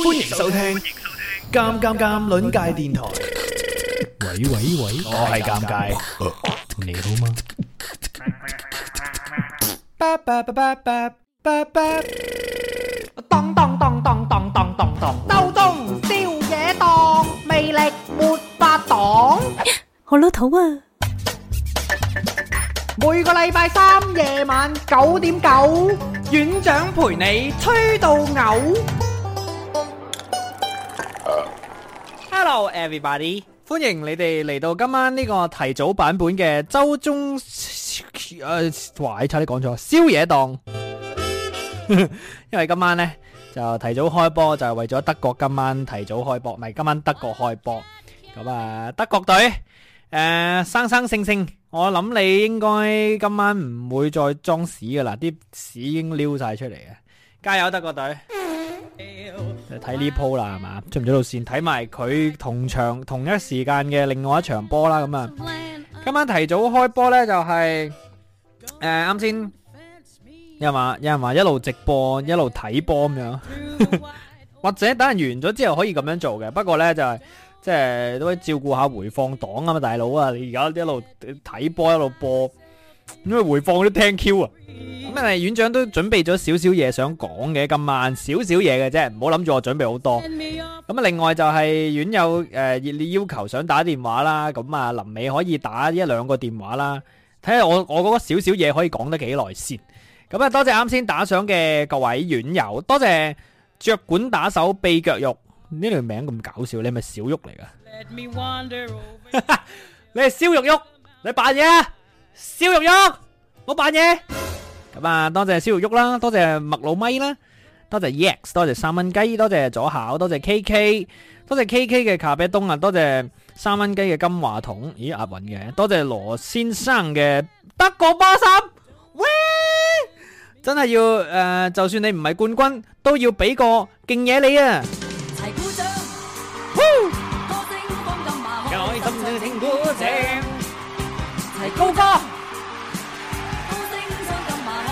歡迎收聽《尷尷尷》鄰界電台。喂喂喂，我係尷尬，你好嗎？當當當當當當當當，刀中雕野當，魅力沒法擋。我老土啊！每個禮拜三夜晚九點九，院長陪你吹到嘔。Hello everybody，歡迎你哋嚟到今晚呢個提早版本嘅周中誒，哇！你差啲講錯，宵夜檔。因為今晚呢就提早開波，就係為咗德國今晚提早開波，唔係今晚德國開波。咁啊，德國隊誒，生生性性，我諗你應該今晚唔會再裝屎㗎喇，啲屎已經撩晒出嚟嘅，加油德國隊！睇呢鋪啦，係嘛？追唔追到線？睇埋佢同場同一時間嘅另外一場波啦。咁啊，今晚提早開波咧，就係誒啱先，有人話有人話一路直播一路睇波咁樣， 或者等人完咗之後可以咁樣做嘅。不過咧就係、是、即係都可以照顧下回放黨啊嘛，大佬啊，你而家一路睇波一路播。因為回放都聽聽 Q 啊，咁啊，院長都準備咗少少嘢想講嘅，今晚少少嘢嘅啫，唔好諗住我準備好多。咁啊，另外就係院友誒，要、呃、要求想打電話啦，咁啊臨尾可以打一兩個電話啦，睇下我我嗰個少少嘢可以講得幾耐先。咁啊，多謝啱先打賞嘅各位院友，多謝着管打手臂腳肉呢條名咁搞笑，你係咪小玉嚟噶， 你係燒肉玉，你扮嘢。燒肉郁，冇扮嘢。咁啊，多謝燒肉郁啦，多謝麥老咪啦，多謝 Yax，多謝三蚊雞，多謝左巧，多謝 KK，多謝 KK 嘅卡比東啊，多謝三蚊雞嘅金話筒，咦，押韻嘅，多謝羅先生嘅德國巴什，喂，真係要誒，就算你唔係冠軍，都要俾個勁嘢你啊。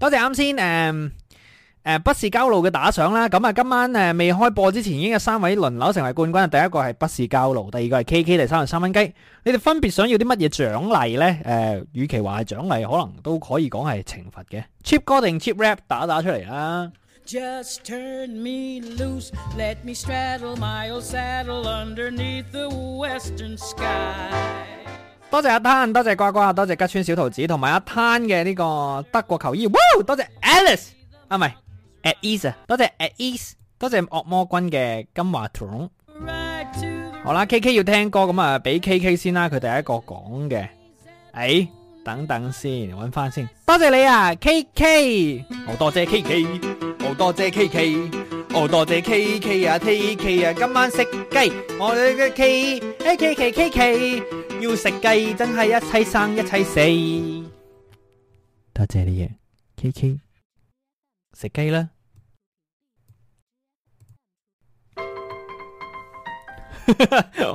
多謝啱先呃呃、嗯嗯嗯、不適交路嘅打賞啦咁今晚未開播之前已經有三位輪流成為冠軍第一個係不適交路，第二個係 KK, 第三係三蚊雞。你哋分別想要啲乜嘢獎勵呢呃與、嗯、其話係獎勵可能都可以講係懲罰嘅。cheap 哥定 ,cheap rap, 打打出嚟啦。Just turn me loose, let me straddle my old saddle underneath the western sky. 多謝阿攤，多謝瓜瓜，多謝吉川小桃子同埋阿攤嘅呢個德國球衣，哇多謝 Alice，啊，唔係 At Ease，多謝 At Ease，多謝惡魔君嘅金華桶。Right to 好啦，K K 要聽歌咁啊，俾 K K 先啦，佢第一個講嘅。誒、欸，等等先，搵翻先。多謝你啊，K K。好多謝 K K，好多謝 K K。我、oh, 多謝 K K 啊 K K 啊，今晚食雞，我哋嘅 K K KK, K K 要食雞，真係一齊生一齊死。多謝你嘢、啊、K K 食雞雞啦。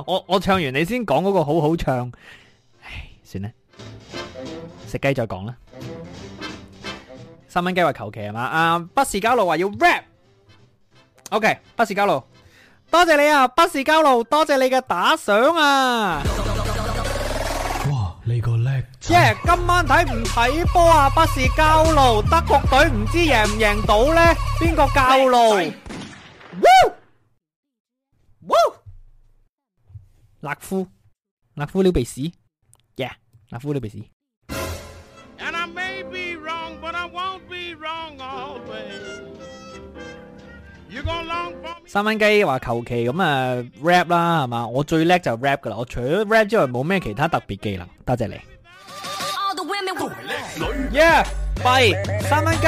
我我唱完你先講嗰個好好唱，唉，算啦，食雞再講啦。三蚊雞話求其係嘛？啊，不時交流話要 rap。O K，不是交路，多謝你啊！不是交路，多謝你嘅打賞啊！哇，你個叻！耶，今晚睇唔睇波啊？不是交路，德國隊唔知贏唔贏到呢？邊個教路？嗚嗚，勒夫，勒夫撩鼻屎，耶，勒夫撩鼻屎。三蚊雞話求其咁啊 rap 啦係嘛，我最叻就 rap 噶啦，我除咗 rap 之外冇咩其他特別技能。多謝你，yeah，拜三蚊雞，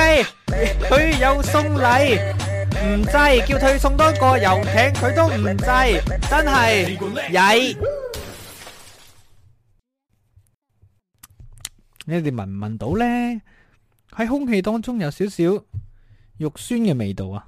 佢有送禮唔制，叫佢送多個遊艇佢都唔制，真係曳。你哋聞唔聞到呢？喺空氣當中有少少肉酸嘅味道啊！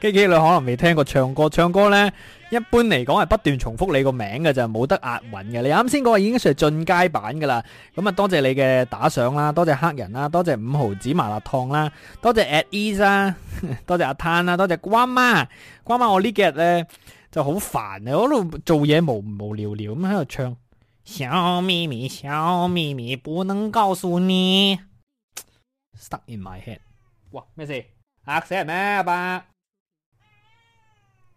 基基 你可能未聽過唱歌，唱歌咧一般嚟講係不斷重複你個名嘅，就冇得押韻嘅。你啱先講已經算係進階版噶啦。咁啊多謝你嘅打賞啦，多謝黑人啦，多謝五毫子麻辣燙啦，多謝 at ease 啦，多謝阿灘啦，多謝瓜媽。瓜媽我呢幾日咧就好煩啊，喺度做嘢無無聊聊咁喺度唱小咪咪小咪咪不能告訴你 stuck in my head。哇，咩事？嚇死人咩阿伯？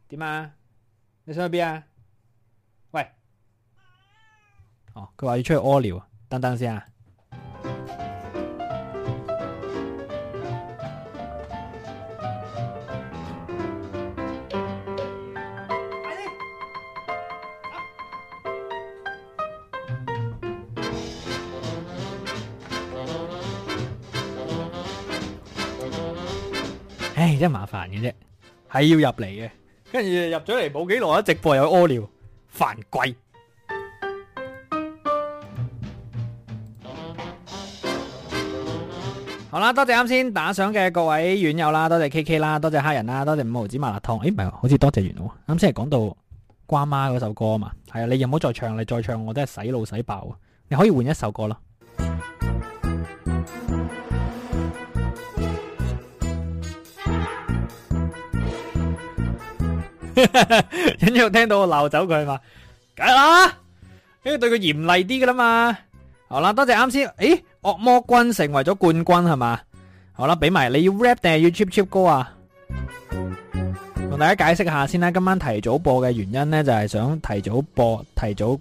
點啊？你想去邊啊？喂！哦，佢話要出去屙尿，等等先啊！真係麻煩嘅啫，係要入嚟嘅，跟住入咗嚟冇幾耐，一直播有屙尿，犯規。好啦，多謝啱先打賞嘅各位院友啦，多謝 K K 啦，多謝黑人啦，多謝五毫子麻辣燙。誒、哎，唔係，好似多謝完咯。啱先係講到瓜媽嗰首歌啊嘛，係啊，你又唔好再唱，你再唱我都係洗腦洗爆。你可以換一首歌啦。緊要 聽到我鬧走佢嘛，梗啦，因為對佢嚴厲啲噶啦嘛，好啦，多謝啱先，誒，惡魔君成為咗冠軍係嘛？好啦，俾埋你，你要 rap 定係 you cheap cheap 歌啊，同大家解釋下先啦，今晚提早播嘅原因呢，就係、是、想提早播，提早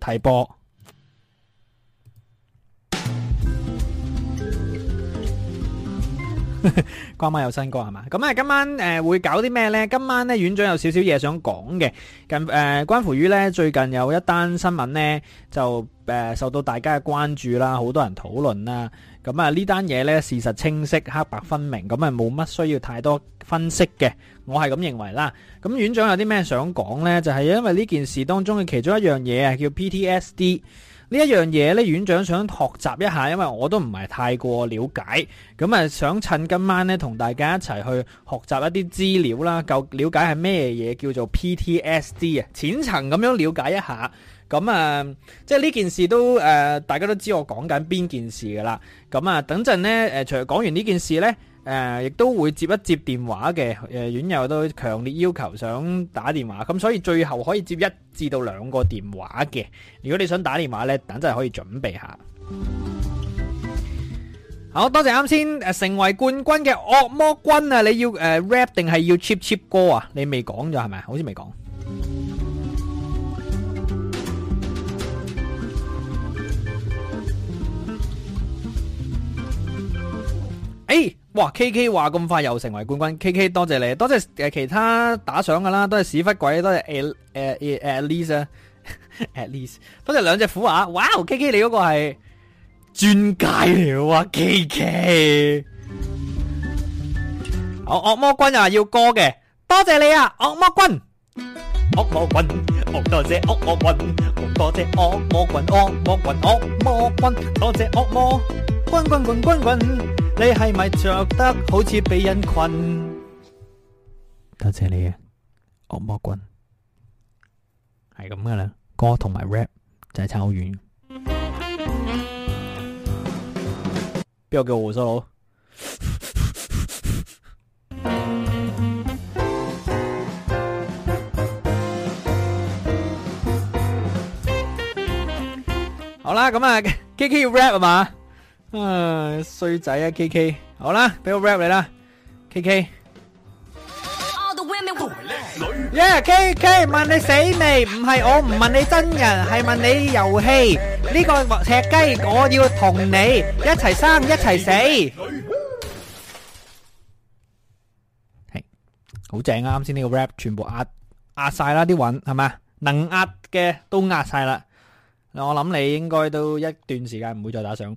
提播。關媽 有新歌係嘛？咁啊，今晚誒、呃、會搞啲咩呢？今晚呢，院長有少少嘢想講嘅，近誒、呃、關乎於呢，最近有一單新聞呢，就誒、呃、受到大家嘅關注啦，好多人討論啦。咁啊呢單嘢呢，事實清晰黑白分明，咁啊冇乜需要太多分析嘅，我係咁認為啦。咁院長有啲咩想講呢？就係、是、因為呢件事當中嘅其中一樣嘢啊叫 PTSD。呢一樣嘢呢，院長想學習一下，因為我都唔係太過了解，咁啊想趁今晚呢，同大家一齊去學習一啲資料啦，夠了解係咩嘢叫做 PTSD 啊，淺層咁樣了解一下，咁啊、呃、即係呢件事都誒、呃，大家都知我講緊邊件事噶啦，咁啊等陣呢，除咗講完呢件事呢。誒、呃，亦都會接一接電話嘅，誒、呃，院友都強烈要求想打電話，咁所以最後可以接一至到兩個電話嘅。如果你想打電話呢，等陣可以準備一下。好多謝啱先誒，成為冠軍嘅惡魔君啊！你要誒、呃、rap 定係要 cheap cheap 歌啊？你未講咗係咪？好似未講。誒，哇！K K 話咁快又成為冠軍，K K 多謝你，多謝誒其他打賞嘅啦，都係屎忽鬼，多謝 at 誒誒 at least 啊，at least，多謝兩隻虎牙，哇！K K 你嗰個係專家了啊，K K，我惡魔君又話要歌嘅，多謝你啊，惡魔君，惡魔君，惡魔君，惡魔君，惡魔君，惡魔君，惡魔君，惡魔君，多謝惡魔君，君君君君君。你係咪着得好似俾人困？多謝你啊，惡魔棍係咁噶啦，歌同埋 rap 就係差好遠。邊個叫我鬍鬚佬？好啦，咁啊，K K 要 rap 啊嘛？唉，衰仔啊！K K，好啦，俾個 rap 你啦，K K。Yeah，K K 問你死未？唔係我唔問你真人，係問你遊戲呢個食雞。我要同你一齊生，一齊死。係好正啊！啱先呢個 rap 全部壓壓晒啦，啲韻係咪，能壓嘅都壓晒啦。我諗你應該都一段時間唔會再打上。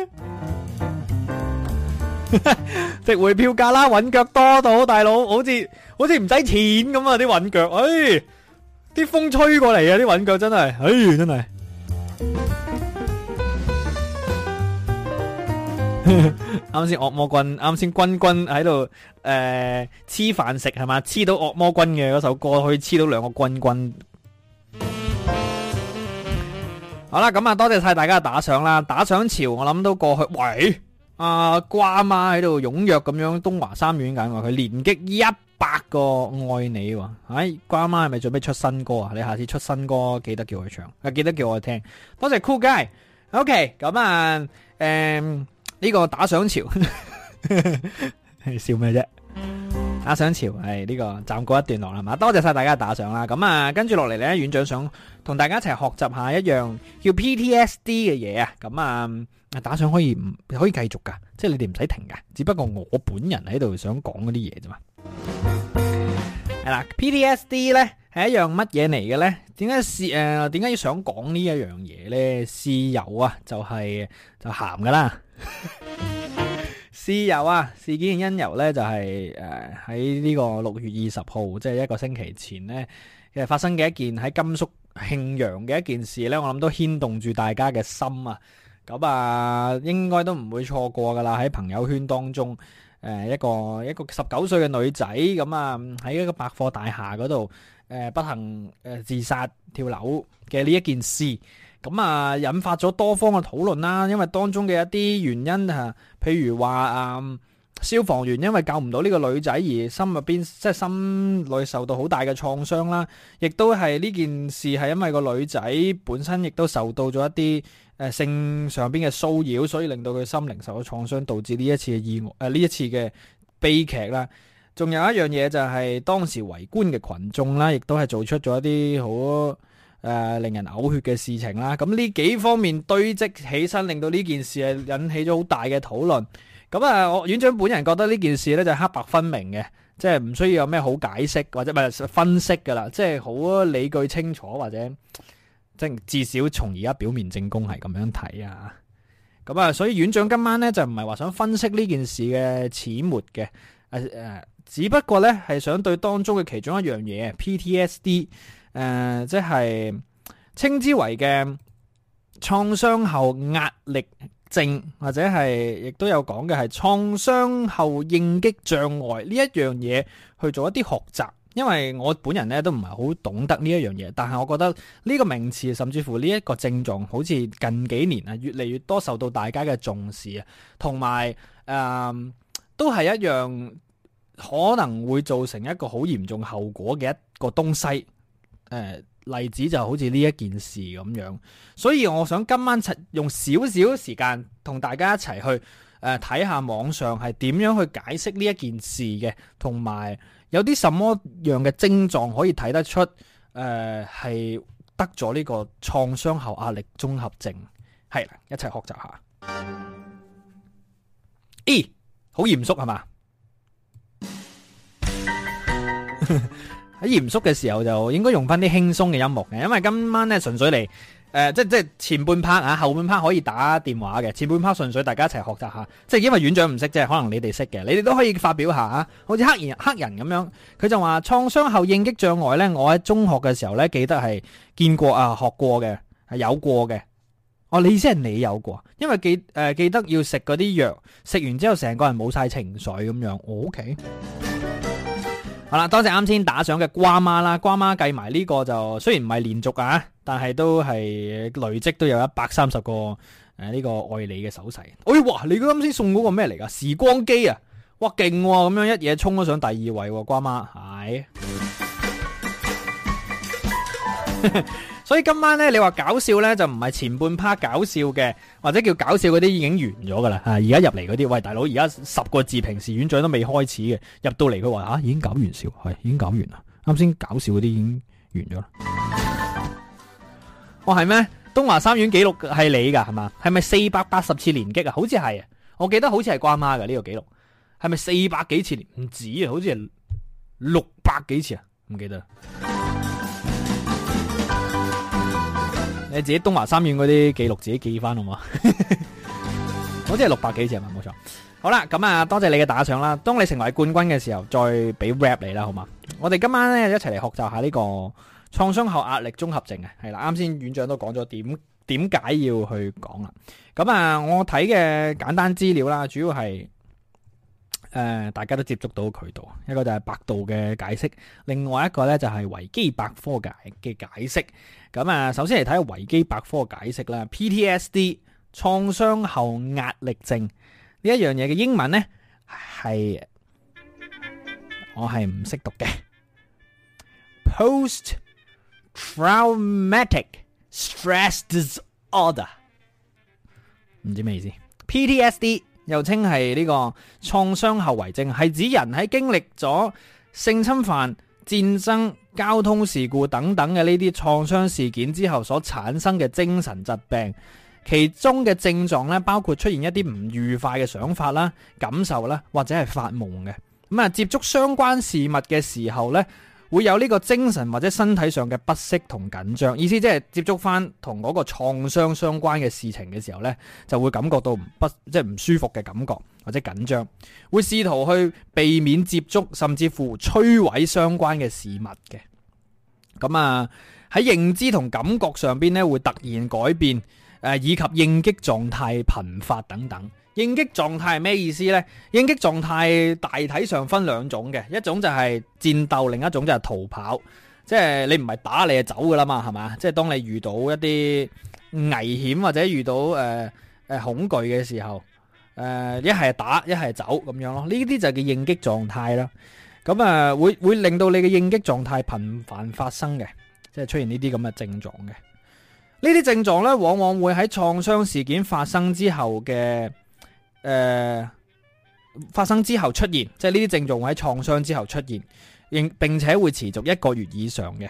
值回票價啦，搵腳多到大佬，好似好似唔使錢咁啊！啲搵腳，哎，啲風吹過嚟啊！啲搵腳真係，哎，真係。啱先惡魔君，啱先君君喺度誒，黐飯食係嘛，黐到惡魔君嘅嗰首歌可以黐到兩個君君。好啦，咁啊，多謝晒大家嘅打賞啦！打賞潮，我諗都過去，喂，阿、呃、瓜媽喺度踊躍咁樣東華三院緊喎，佢連擊一百個愛你喎、哎，瓜媽係咪準備出新歌啊？你下次出新歌記得叫我唱，啊，記得叫我聽，多謝 Cool Guy，OK，咁啊，誒、okay, 嗯，呢、這個打賞潮，笑咩啫？打賞潮係呢、呢個暫告一段落啦，嘛？多謝晒大家打賞啦。咁啊，跟住落嚟呢，院長想同大家一齊學習下一樣叫 PTSD 嘅嘢啊。咁啊，打賞可以唔可以繼續噶？即係你哋唔使停噶，只不過我本人喺度想講嗰啲嘢啫嘛。係 啦，PTSD 呢係一樣乜嘢嚟嘅呢？點解是誒？點解要想講呢一樣嘢呢？是的呢、呃、呢私有啊，就係、是、就咸噶啦。 事由啊，事件嘅因由咧就係誒喺呢個六月二十號，即係一個星期前呢，嘅發生嘅一件喺甘肅慶陽嘅一件事咧，我諗都牽動住大家嘅心啊，咁啊應該都唔會錯過噶啦，喺朋友圈當中誒一個一個十九歲嘅女仔咁啊喺一個百貨大廈嗰度誒不幸誒自殺跳樓嘅呢一件事。咁啊，引發咗多方嘅討論啦。因為當中嘅一啲原因啊，譬如話啊，消防員因為救唔到呢個女仔而心入邊即係心裏受到好大嘅創傷啦。亦都係呢件事係因為個女仔本身亦都受到咗一啲誒性上邊嘅騷擾，所以令到佢心靈受到創傷，導致呢一次嘅意外呢、啊、一次意外誒呢一次嘅悲劇啦。仲有一樣嘢就係當時圍觀嘅群眾啦，亦都係做出咗一啲好，誒、呃，令人嘔血嘅事情啦，咁呢幾方面堆積起身，令到呢件事係引起咗好大嘅討論。咁、呃、啊，我院長本人覺得呢件事呢，就黑白分明嘅，即係唔需要有咩好解釋或者分析噶啦，即係好理據清楚或者即至少從而家表面證供係咁樣睇啊。咁、呃、啊，所以院長今晚呢，就唔係話想分析呢件事嘅始末嘅，誒、呃、誒、呃，只不過呢，係想對當中嘅其中一樣嘢 PTSD。誒、呃，即係稱之為嘅創傷後壓力症，或者係亦都有講嘅係創傷後應激障礙呢一樣嘢去做一啲學習，因為我本人咧都唔係好懂得呢一樣嘢，但係我覺得呢個名詞甚至乎呢一個症狀，好似近幾年啊越嚟越多受到大家嘅重視啊，同埋誒都係一樣可能會造成一個好嚴重後果嘅一個東西。誒，例子就好似呢一件事咁樣，所以我想今晚用少少時間同大家一齊去誒睇下網上係點樣去解釋呢一件事嘅，同埋有啲什麼樣嘅症狀可以睇得出誒係得咗呢個創傷後壓力綜合症，係啦，一齊學習下。欸。咦，好嚴肅係嘛？ 喺嚴肅嘅時候就應該用翻啲輕鬆嘅音樂嘅，因為今晚咧純粹嚟、呃、即係即係前半 part 啊，後半 part 可以打電話嘅，前半 part 純粹大家一齊學習下，即係因為院長唔識啫，即可能你哋識嘅，你哋都可以發表下啊，好似黑人黑人咁樣，佢就話創傷後應激障礙咧，我喺中學嘅時候咧記得係見過啊，學過嘅係有過嘅，哦，你意思係你有過。因為記、呃、記得要食嗰啲藥，食完之後成個人冇晒情緒咁樣，OK。OK? 好啦，多謝啱先打賞嘅瓜媽啦，瓜媽計埋呢個就雖然唔係連續啊，但係都係累積都有一百三十個誒，呢個愛你嘅手勢。喂、哎，哇，你啱先送嗰個咩嚟噶時光機啊，哇勁咁、喎、樣一嘢衝咗上第二位，喎，瓜媽係。 所以今晚咧，你話搞笑咧就唔係前半 part 搞笑嘅，或者叫搞笑嗰啲已經完咗噶啦吓，而家入嚟嗰啲，喂大佬，而家十個字平時院長都未開始嘅，入到嚟佢話吓已經搞完笑，係已經搞完啦，啱先搞笑嗰啲已經完咗啦。我係咩？東華三院紀錄係你噶係嘛？係咪四百八十次連擊啊？好似係，我記得好似係關媽嘅呢個紀錄，係咪四百幾次連唔止啊？好似係六百幾次啊？唔記得。你自己東華三院嗰啲記錄自己記翻好嘛？好似係六百幾隻嘛，冇 錯。好啦，咁啊，多謝你嘅打賞啦。當你成為冠軍嘅時候，再俾 rap 你啦，好嘛？我哋今晚咧一齊嚟學習下呢個創傷後壓力綜合症啊，係啦。啱先院長都講咗點點解要去講啦。咁啊，我睇嘅簡單資料啦，主要係誒、呃、大家都接觸到渠道，一個就係百度嘅解釋，另外一個咧就係維基百科解嘅解釋。咁啊，首先嚟睇下維基百科解釋啦。PTSD 創傷後壓力症呢一樣嘢嘅英文呢，係我係唔識讀嘅。Post Traumatic Stress Disorder 唔知咩意思？PTSD 又稱係呢個創傷後遺症，係指人喺經歷咗性侵犯、戰爭，交通事故等等嘅呢啲創傷事件之後所產生嘅精神疾病，其中嘅症狀咧，包括出現一啲唔愉快嘅想法啦、感受啦，或者係發夢嘅。咁啊，接觸相關事物嘅時候咧。會有呢個精神或者身體上嘅不適同緊張，意思即係接觸返同嗰個創傷相關嘅事情嘅時候呢，就會感覺到不即係唔舒服嘅感覺或者緊張，會試圖去避免接觸，甚至乎摧毀相關嘅事物嘅。咁啊，喺認知同感覺上面呢，會突然改變，呃、以及應激狀態頻發等等。應激狀態係咩意思呢？應激狀態大體上分兩種嘅，一種就係戰鬥，另一種就係逃跑，即係你唔係打你就走噶啦嘛，係嘛？即係當你遇到一啲危險或者遇到誒誒、呃、恐懼嘅時候，誒一係打一係走咁樣咯。呢啲就叫應激狀態啦。咁啊，會會令到你嘅應激狀態頻繁發生嘅，即係出現呢啲咁嘅症狀嘅。呢啲症狀呢，往往會喺創傷事件發生之後嘅。誒、呃，發生之後出現，即係呢啲症狀喺創傷之後出現，並且會持續一個月以上嘅。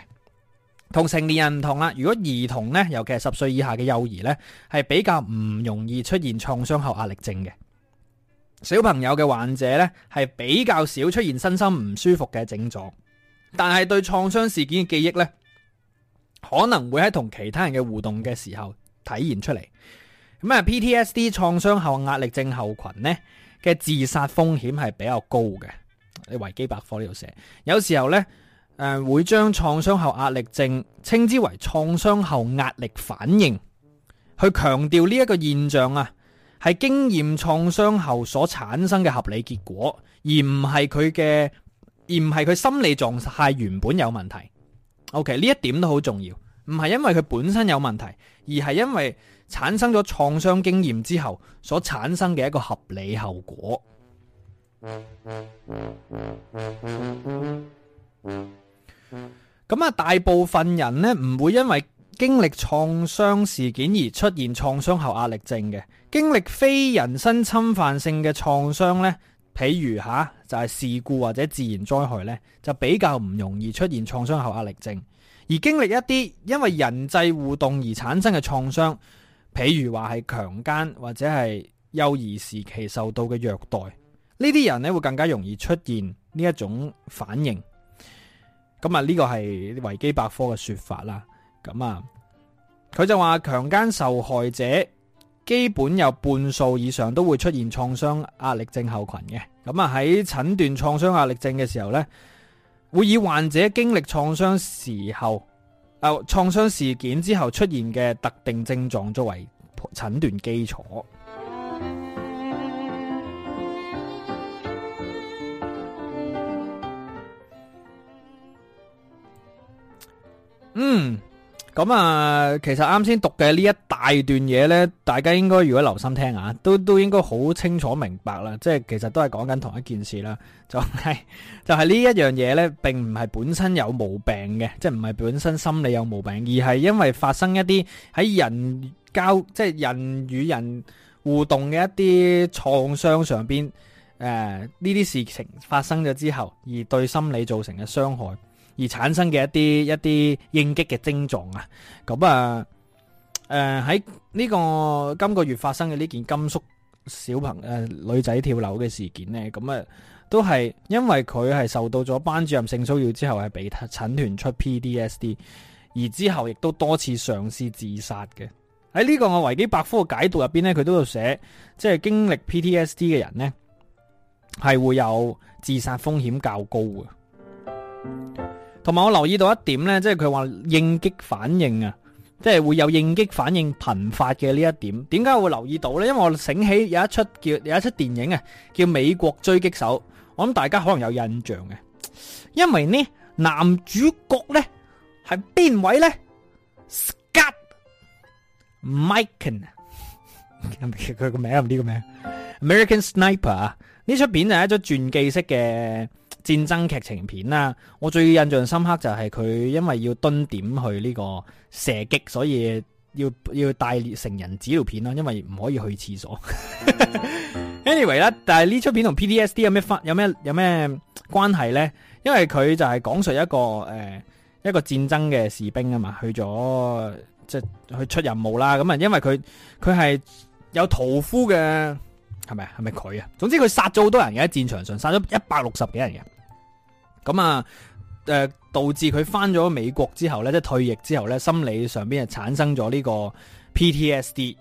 同成年人唔同啦，如果兒童呢，尤其係十歲以下嘅幼兒呢，係比較唔容易出現創傷後壓力症嘅。小朋友嘅患者呢，係比較少出現身心唔舒服嘅症狀，但係對創傷事件嘅記憶呢，可能會喺同其他人嘅互動嘅時候體現出嚟。咁啊，PTSD 創傷後壓力症候群呢嘅自殺風險係比較高嘅。維基百科呢度寫，有時候呢誒、呃、會將創傷後壓力症稱之為創傷後壓力反應，去強調呢一個現象啊係經驗創傷後所產生嘅合理結果，而唔係佢嘅，而唔係佢心理狀態原本有問題。OK，呢一點都好重要，唔係因為佢本身有問題，而係因為。產生咗創傷經驗之後所產生嘅一個合理後果。咁啊，大部分人呢唔會因為經歷創傷事件而出現創傷後壓力症嘅。經歷非人身侵犯性嘅創傷呢，譬如吓就係事故或者自然災害呢，就比較唔容易出現創傷後壓力症。而經歷一啲因為人際互動而產生嘅創傷。譬如話係強姦或者係幼兒時期受到嘅虐待，呢啲人呢會更加容易出現呢一種反應。咁啊呢個係維基百科嘅說法啦。咁啊，佢就話強姦受害者基本有半數以上都會出現創傷壓力症候群嘅。咁啊喺診斷創傷壓力症嘅時候呢，會以患者經歷創傷時候創傷事件之後出現嘅特定症狀作為診斷基礎。嗯。咁啊，其實啱先讀嘅呢一大段嘢呢，大家應該如果留心聽下，都都應該好清楚明白啦。即係其實都係講緊同一件事啦，就係就係呢一樣嘢呢，並唔係本身有毛病嘅，即係唔係本身心理有毛病，而係因為發生一啲喺人交，即係人與人互動嘅一啲創傷上邊，誒呢啲事情發生咗之後，而對心理造成嘅傷害。而產生嘅一啲一啲應激嘅症狀啊，咁啊，誒喺呢個今個月發生嘅呢件甘肅小朋誒、呃、女仔跳樓嘅事件呢，咁啊都係因為佢係受到咗班主任性騷擾之後係被診斷出 PTSD，而之後亦都多次嘗試自殺嘅。喺呢個《我維基百科》嘅解讀入邊呢，佢都有寫，即係經歷 PTSD 嘅人呢，係會有自殺風險較高嘅。同埋我留意到一點咧，即係佢話應激反應啊，即係會有應激反應頻發嘅呢一點。點解我會留意到咧？因為我醒起有一出叫有一出電影啊，叫《美國狙擊手》，我諗大家可能有印象嘅。因為呢男主角咧係邊位咧？Scott Mikan，佢個名唔知個名，American Sniper 啊！呢出片就係一出傳記式嘅。戰爭劇情片啦，我最印象深刻就係佢因為要蹲點去呢個射擊，所以要要帶列成人紙尿片啦，因為唔可以去廁所。 anyway 啦，但係呢出片同 PTSD 有咩分有咩有咩關係咧？因為佢就係講述一個、呃、一個戰爭嘅士兵啊嘛，去咗即係去出任務啦。咁啊，因為佢佢係有屠夫嘅。係咪？係咪佢啊？總之佢殺咗好多人嘅，喺戰場上，殺咗一百六十幾人嘅。咁啊，誒、呃，導致佢返咗美國之後咧，即係退役之後咧，心理上邊係產生咗呢個 PTSD。誒、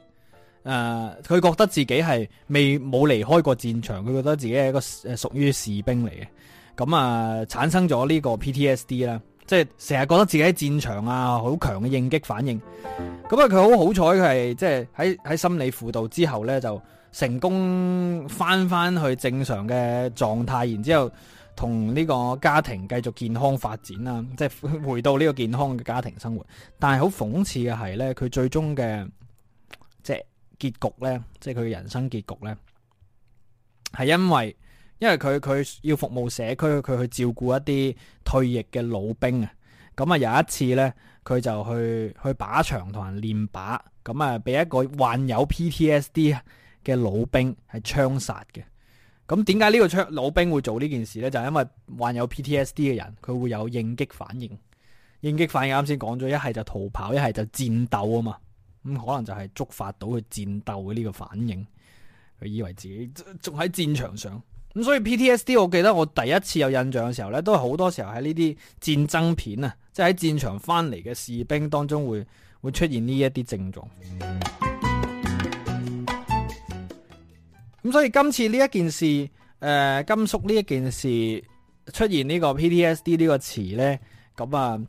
呃，佢覺得自己係未冇離開過戰場，佢覺得自己係一個誒屬於士兵嚟嘅。咁啊、呃，產生咗呢個 PTSD 啦，即係成日覺得自己喺戰場啊，好強嘅應激反應。咁啊，佢好好彩，佢係即係喺喺心理輔導之後咧就。成功翻翻去正常嘅狀態，然之後同呢個家庭繼續健康發展啦，即係回到呢個健康嘅家庭生活。但係好諷刺嘅係呢，佢最終嘅即係結局呢，即係佢嘅人生結局呢，係因為因為佢佢要服務社區，佢去照顧一啲退役嘅老兵啊。咁啊，有一次呢，佢就去去靶場同人練靶，咁啊，俾一個患有 PTSD 嘅老兵係槍殺嘅，咁點解呢個槍老兵會做呢件事呢？就係因為患有 PTSD 嘅人，佢會有應激反應。應激反應啱先講咗，一係就逃跑，一係就戰鬥啊嘛。咁可能就係觸發到佢戰鬥嘅呢個反應，佢以為自己仲喺戰場上。咁所以 PTSD，我記得我第一次有印象嘅時候呢，都係好多時候喺呢啲戰爭片啊，即係喺戰場翻嚟嘅士兵當中會會出現呢一啲症狀。咁所以今次呢一件事，誒甘肅呢一件事出現呢個呢個呢個 PTSD 呢個詞咧，咁啊，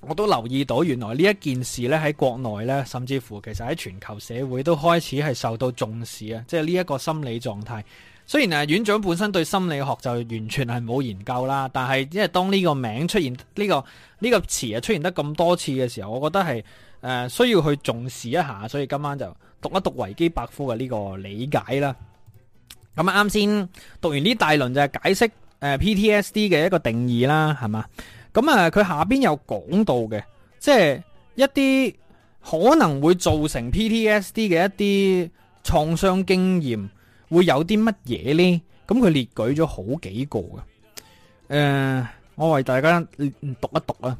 我都留意到原來呢一件事咧喺國內咧，甚至乎其實喺全球社會都開始係受到重視啊！即係呢一個心理狀態。雖然啊，院長本身對心理學就完全係冇研究啦，但係因為當呢個名出現呢、呢個呢、呢個詞啊出現得咁多次嘅時候，我覺得係誒、呃、需要去重視一下，所以今晚就，讀一讀維基百科嘅呢個理解啦，咁啊啱先讀完呢大輪就係解釋誒 PTSD 嘅一個定義啦，係嘛？咁啊佢下邊有講到嘅，即係一啲可能會造成 PTSD 嘅一啲創傷經驗，會有啲乜嘢呢？咁佢列舉咗好幾個嘅，誒，我為大家讀一讀啊。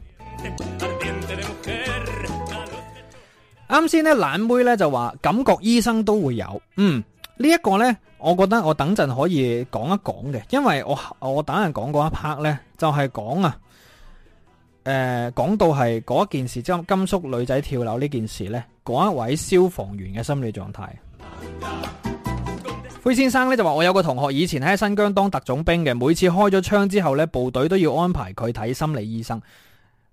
啱先咧，懶妹咧就話感覺醫生都會有，嗯，呢一個呢，我覺得我等陣可以講一講嘅，因為我我等陣講嗰一 part 呢，就係講啊，誒，講到係嗰件事，即係甘肅女仔跳樓呢件事呢，嗰一位消防員嘅心理狀態。灰先生呢就話我有個同學以前喺新疆當特種兵嘅，每次開咗槍之後呢，部隊都要安排佢睇心理醫生。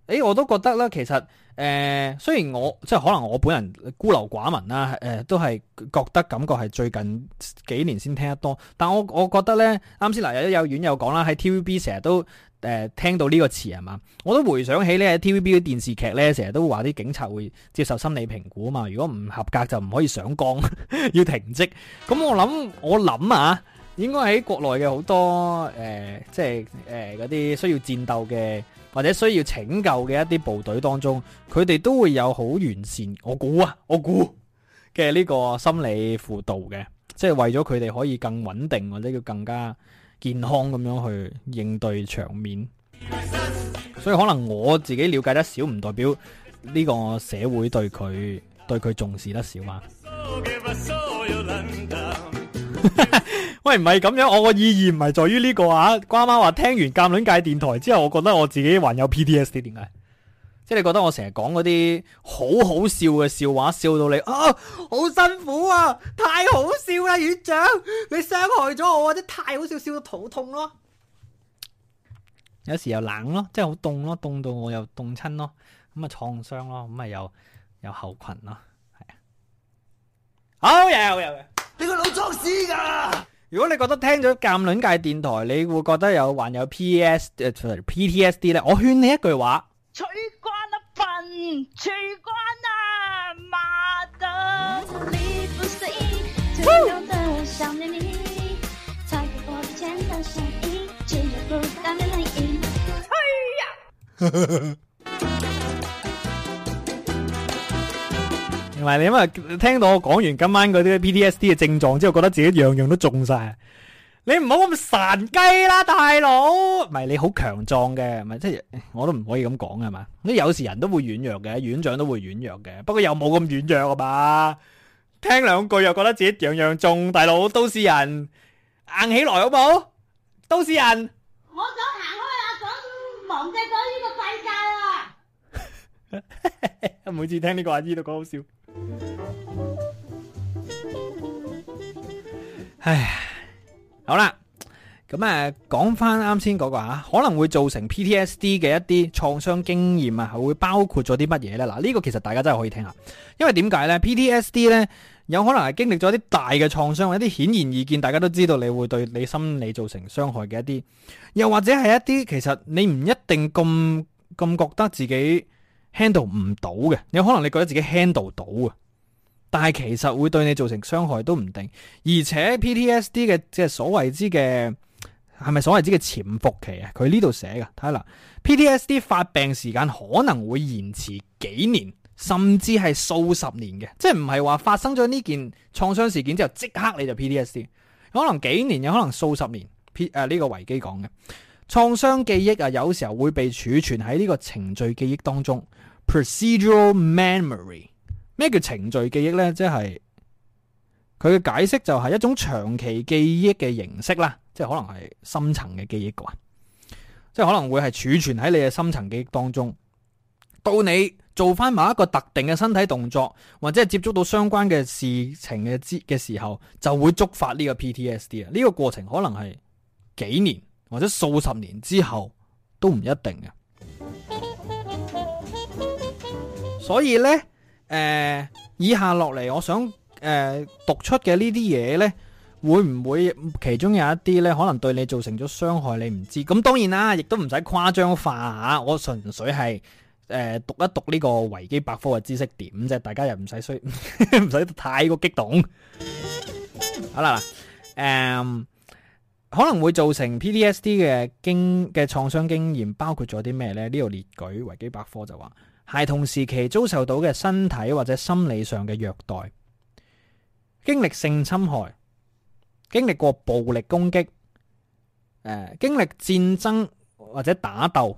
誒，我都覺得呢，其實。誒、呃，雖然我即係可能我本人孤陋寡聞啦、呃，都係覺得感覺係最近幾年先聽得多，但我我覺得呢啱先嗱有有院友講啦，喺 TVB 成日都誒、呃、聽到呢個詞係嘛，我都回想起呢喺 TVB 嘅電視劇呢，成日都話啲警察會接受心理評估啊嘛，如果唔合格就唔可以上崗， 要停職。咁我諗我諗啊，應該喺國內嘅好多、呃、即係誒嗰啲需要戰鬥嘅，或者需要拯救嘅一啲部隊當中，佢哋都會有好完善，我估啊，我估嘅呢個心理輔導嘅，即係為咗佢哋可以更穩定或者叫更加健康咁樣去應對場面。 所以可能我自己了解得少，唔代表呢個社會對佢對佢重視得少嘛。 喂，唔係咁樣，我個意義唔係在於呢、這個啊。瓜媽話聽完鑑戀界電台之後，我覺得我自己還有 PTSD 點解？即係你覺得我成日講嗰啲好好笑嘅笑話，笑到你啊，好辛苦啊，太好笑啦，院長，你傷害咗我，真係太好笑，笑到肚痛咯。有時又冷咯，即係好凍咯，凍到我又凍親咯，咁啊創傷咯，咁咪又又後群咯，係啊。好嘢，好嘢，你個腦作屎噶！如果你覺得聽咗鑒論界電台，你會覺得有還有 P S 誒、呃、P T S D 咧，我勸你一句話：取關啦笨，取關啦媽的。唔係你因為聽到我講完今晚嗰啲 PTSD 嘅症狀之後，覺得自己樣樣都中晒，你唔好咁神雞啦，大佬。唔係你好強壯嘅，唔係？即係我都唔可以咁講係嘛。有時人都會軟弱嘅，院長都會軟弱嘅。不過又冇咁軟弱啊嘛。聽兩句又覺得自己樣樣中，大佬都市人硬起來好冇？都市人。我想行開啊，想忘記咗呢個世界啊。 每次聽呢個阿姨都講好笑。唉，好啦，咁啊，講翻啱先嗰個吓，可能會造成 PTSD 嘅一啲創傷經驗啊，會包括咗啲乜嘢呢？嗱，呢個其實大家真係可以聽下，因為點解呢？PTSD 呢，有可能係經歷咗啲大嘅創傷，一啲顯而易見大家都知道你會對你心理造成傷害嘅一啲，又或者係一啲其實你唔一定咁咁覺得自己，handle 唔到嘅，你可能你覺得自己 handle 到啊，但係其實會對你造成傷害都唔定。而且 PTSD 嘅即係所謂之嘅係咪所謂之嘅潛伏期啊？佢呢度寫㗎，睇下啦，PTSD 發病時間可能會延遲幾年，甚至係數十年嘅，即係唔係話發生咗呢件創傷事件之後即刻你就 PTSD，可能幾年，有可能數十年。誒、這、呢個維基講嘅創傷記憶啊，有時候會被儲存喺呢個程序記憶當中。Procedural memory 咩叫程序記憶呢？即係佢嘅解釋就係一種長期記憶嘅形式啦，即係可能係深層嘅記憶啩，即係可能會係儲存喺你嘅深層記憶當中，到你做翻某一個特定嘅身體動作或者係接觸到相關嘅事情嘅之嘅時候，就會觸發呢個 PTSD 啊！呢個過程可能係幾年或者數十年之後都唔一定嘅。所以呢，誒、呃、以下落嚟，我想誒、呃、讀出嘅呢啲嘢呢，會唔會其中有一啲呢，可能對你造成咗傷害你不？你唔知。咁當然啦，亦都唔使誇張化嚇。我純粹係誒、呃、讀一讀呢、呢個維基百科嘅知識點，啫，大家又唔使衰，唔 使太過激動。好啦，誒、呃、可能會造成 PTSD 嘅經嘅創傷經驗，包括咗啲咩呢？呢度列舉維基百科就話。孩童時期遭受到嘅身體或者心理上嘅虐待，經歷性侵害，經歷過暴力攻擊誒、呃，經歷戰爭或者打鬥，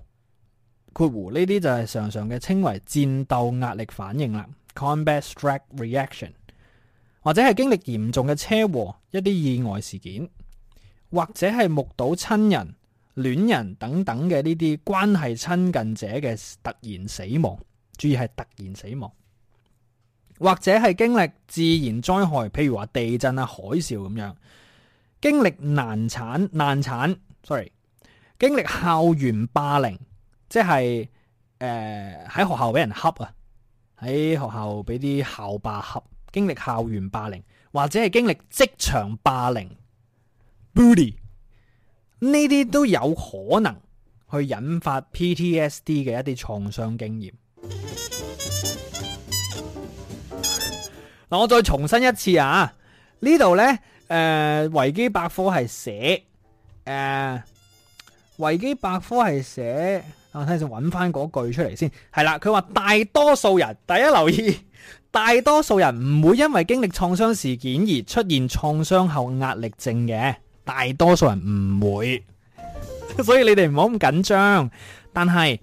括弧呢啲就係常常嘅稱為戰鬥壓力反應啦 （combat stress reaction），或者係經歷嚴重嘅車禍、一啲意外事件，或者係目睹親人、戀人等等嘅呢啲關係親近者嘅突然死亡，注意係突然死亡，或者係經歷自然災害，譬如話地震啊、海嘯咁樣，經歷難產、難產，sorry，經歷校園霸凌，即係誒喺學校俾人恰啊，喺學校俾啲校霸恰，經歷校園霸凌，或者係經歷職場霸凌，bully。呢啲都有可能去引發 PTSD 嘅一啲創傷經驗。嗱，我再重申一次啊！呢度呢，誒，維基百科係寫，誒、呃、維基百科係寫，我睇下先揾翻嗰句出嚟先。係啦，佢話大多數人，大家留意，大多數人唔會因為經歷創傷事件而出現創傷後壓力症嘅。大多數人唔會，所以你哋唔好咁緊張。但係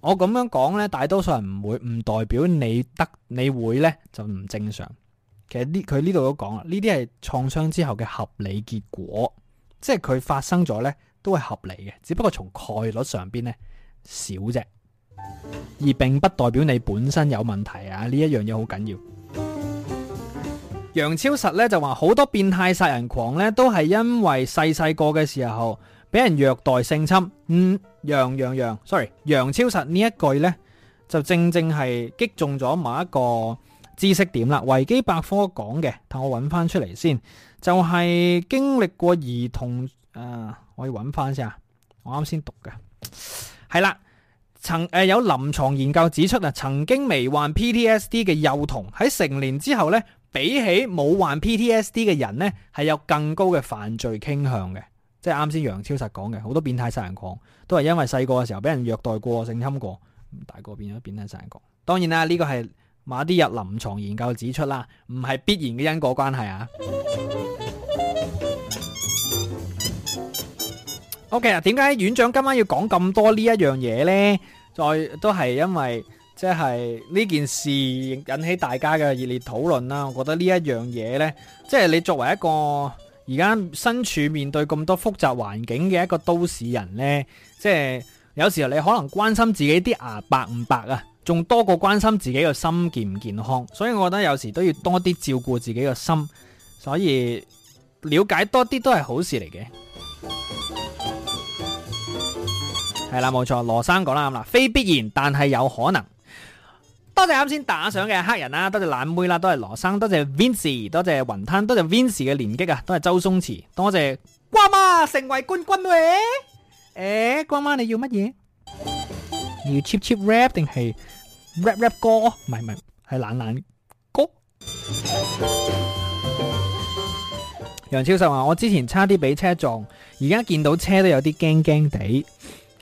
我咁樣講呢，大多數人唔會，唔代表你得你會呢就唔正常。其實呢佢呢度都講啦，呢啲係創傷之後嘅合理結果，即係佢發生咗呢都係合理嘅，只不過從概率上邊呢少啫，而並不代表你本身有問題啊！呢一樣嘢好緊要。楊超實咧就話好多變態殺人狂咧都係因為細細個嘅時候俾人虐待性侵。嗯，楊楊楊，sorry，楊超實呢一句咧就正正係擊中咗某一個知識點啦。維基百科講嘅，等我搵翻出嚟先。就係、是、經歷過兒童誒、呃，我要搵翻先啊。我啱先讀嘅係啦，曾誒、呃、有臨床研究指出啊，曾經罹患 PTSD 嘅幼童喺成年之後咧。比起冇患 PTSD 嘅人呢，係有更高嘅犯罪傾向嘅，即係啱先楊超實講嘅，好多變態殺人狂都係因為細個嘅時候俾人虐待過、性侵過，大個變咗變態殺人狂。當然啦，呢個係馬啲日臨床研究指出啦，唔係必然嘅因果關係啊。OK 啊，點解院長今晚要講咁多呢一樣嘢呢？再都係因為。即係呢件事引起大家嘅熱烈討論啦，我覺得呢一樣嘢呢，即係你作為一個而家身處面對咁多複雜環境嘅一個都市人呢，即係有時候你可能關心自己啲牙白唔白啊，仲多過關心自己個心健唔健康，所以我覺得有時都要多啲照顧自己個心，所以了解多啲都係好事嚟嘅。係啦，冇錯，羅生講啦，非必然，但係有可能。多謝啱先打賞嘅黑人啦，多謝懶妹啦，多謝羅生，多謝 Vincy，多謝雲吞，多謝 Vincy 嘅連擊啊，多謝周松馳，多謝瓜媽成為冠軍位。誒，瓜媽你要乜嘢？要 cheap cheap rap 定係 rap rap 歌？唔係唔係，係懶懶歌。楊超秀話：我之前差啲俾車撞，而家見到車都有啲驚驚地。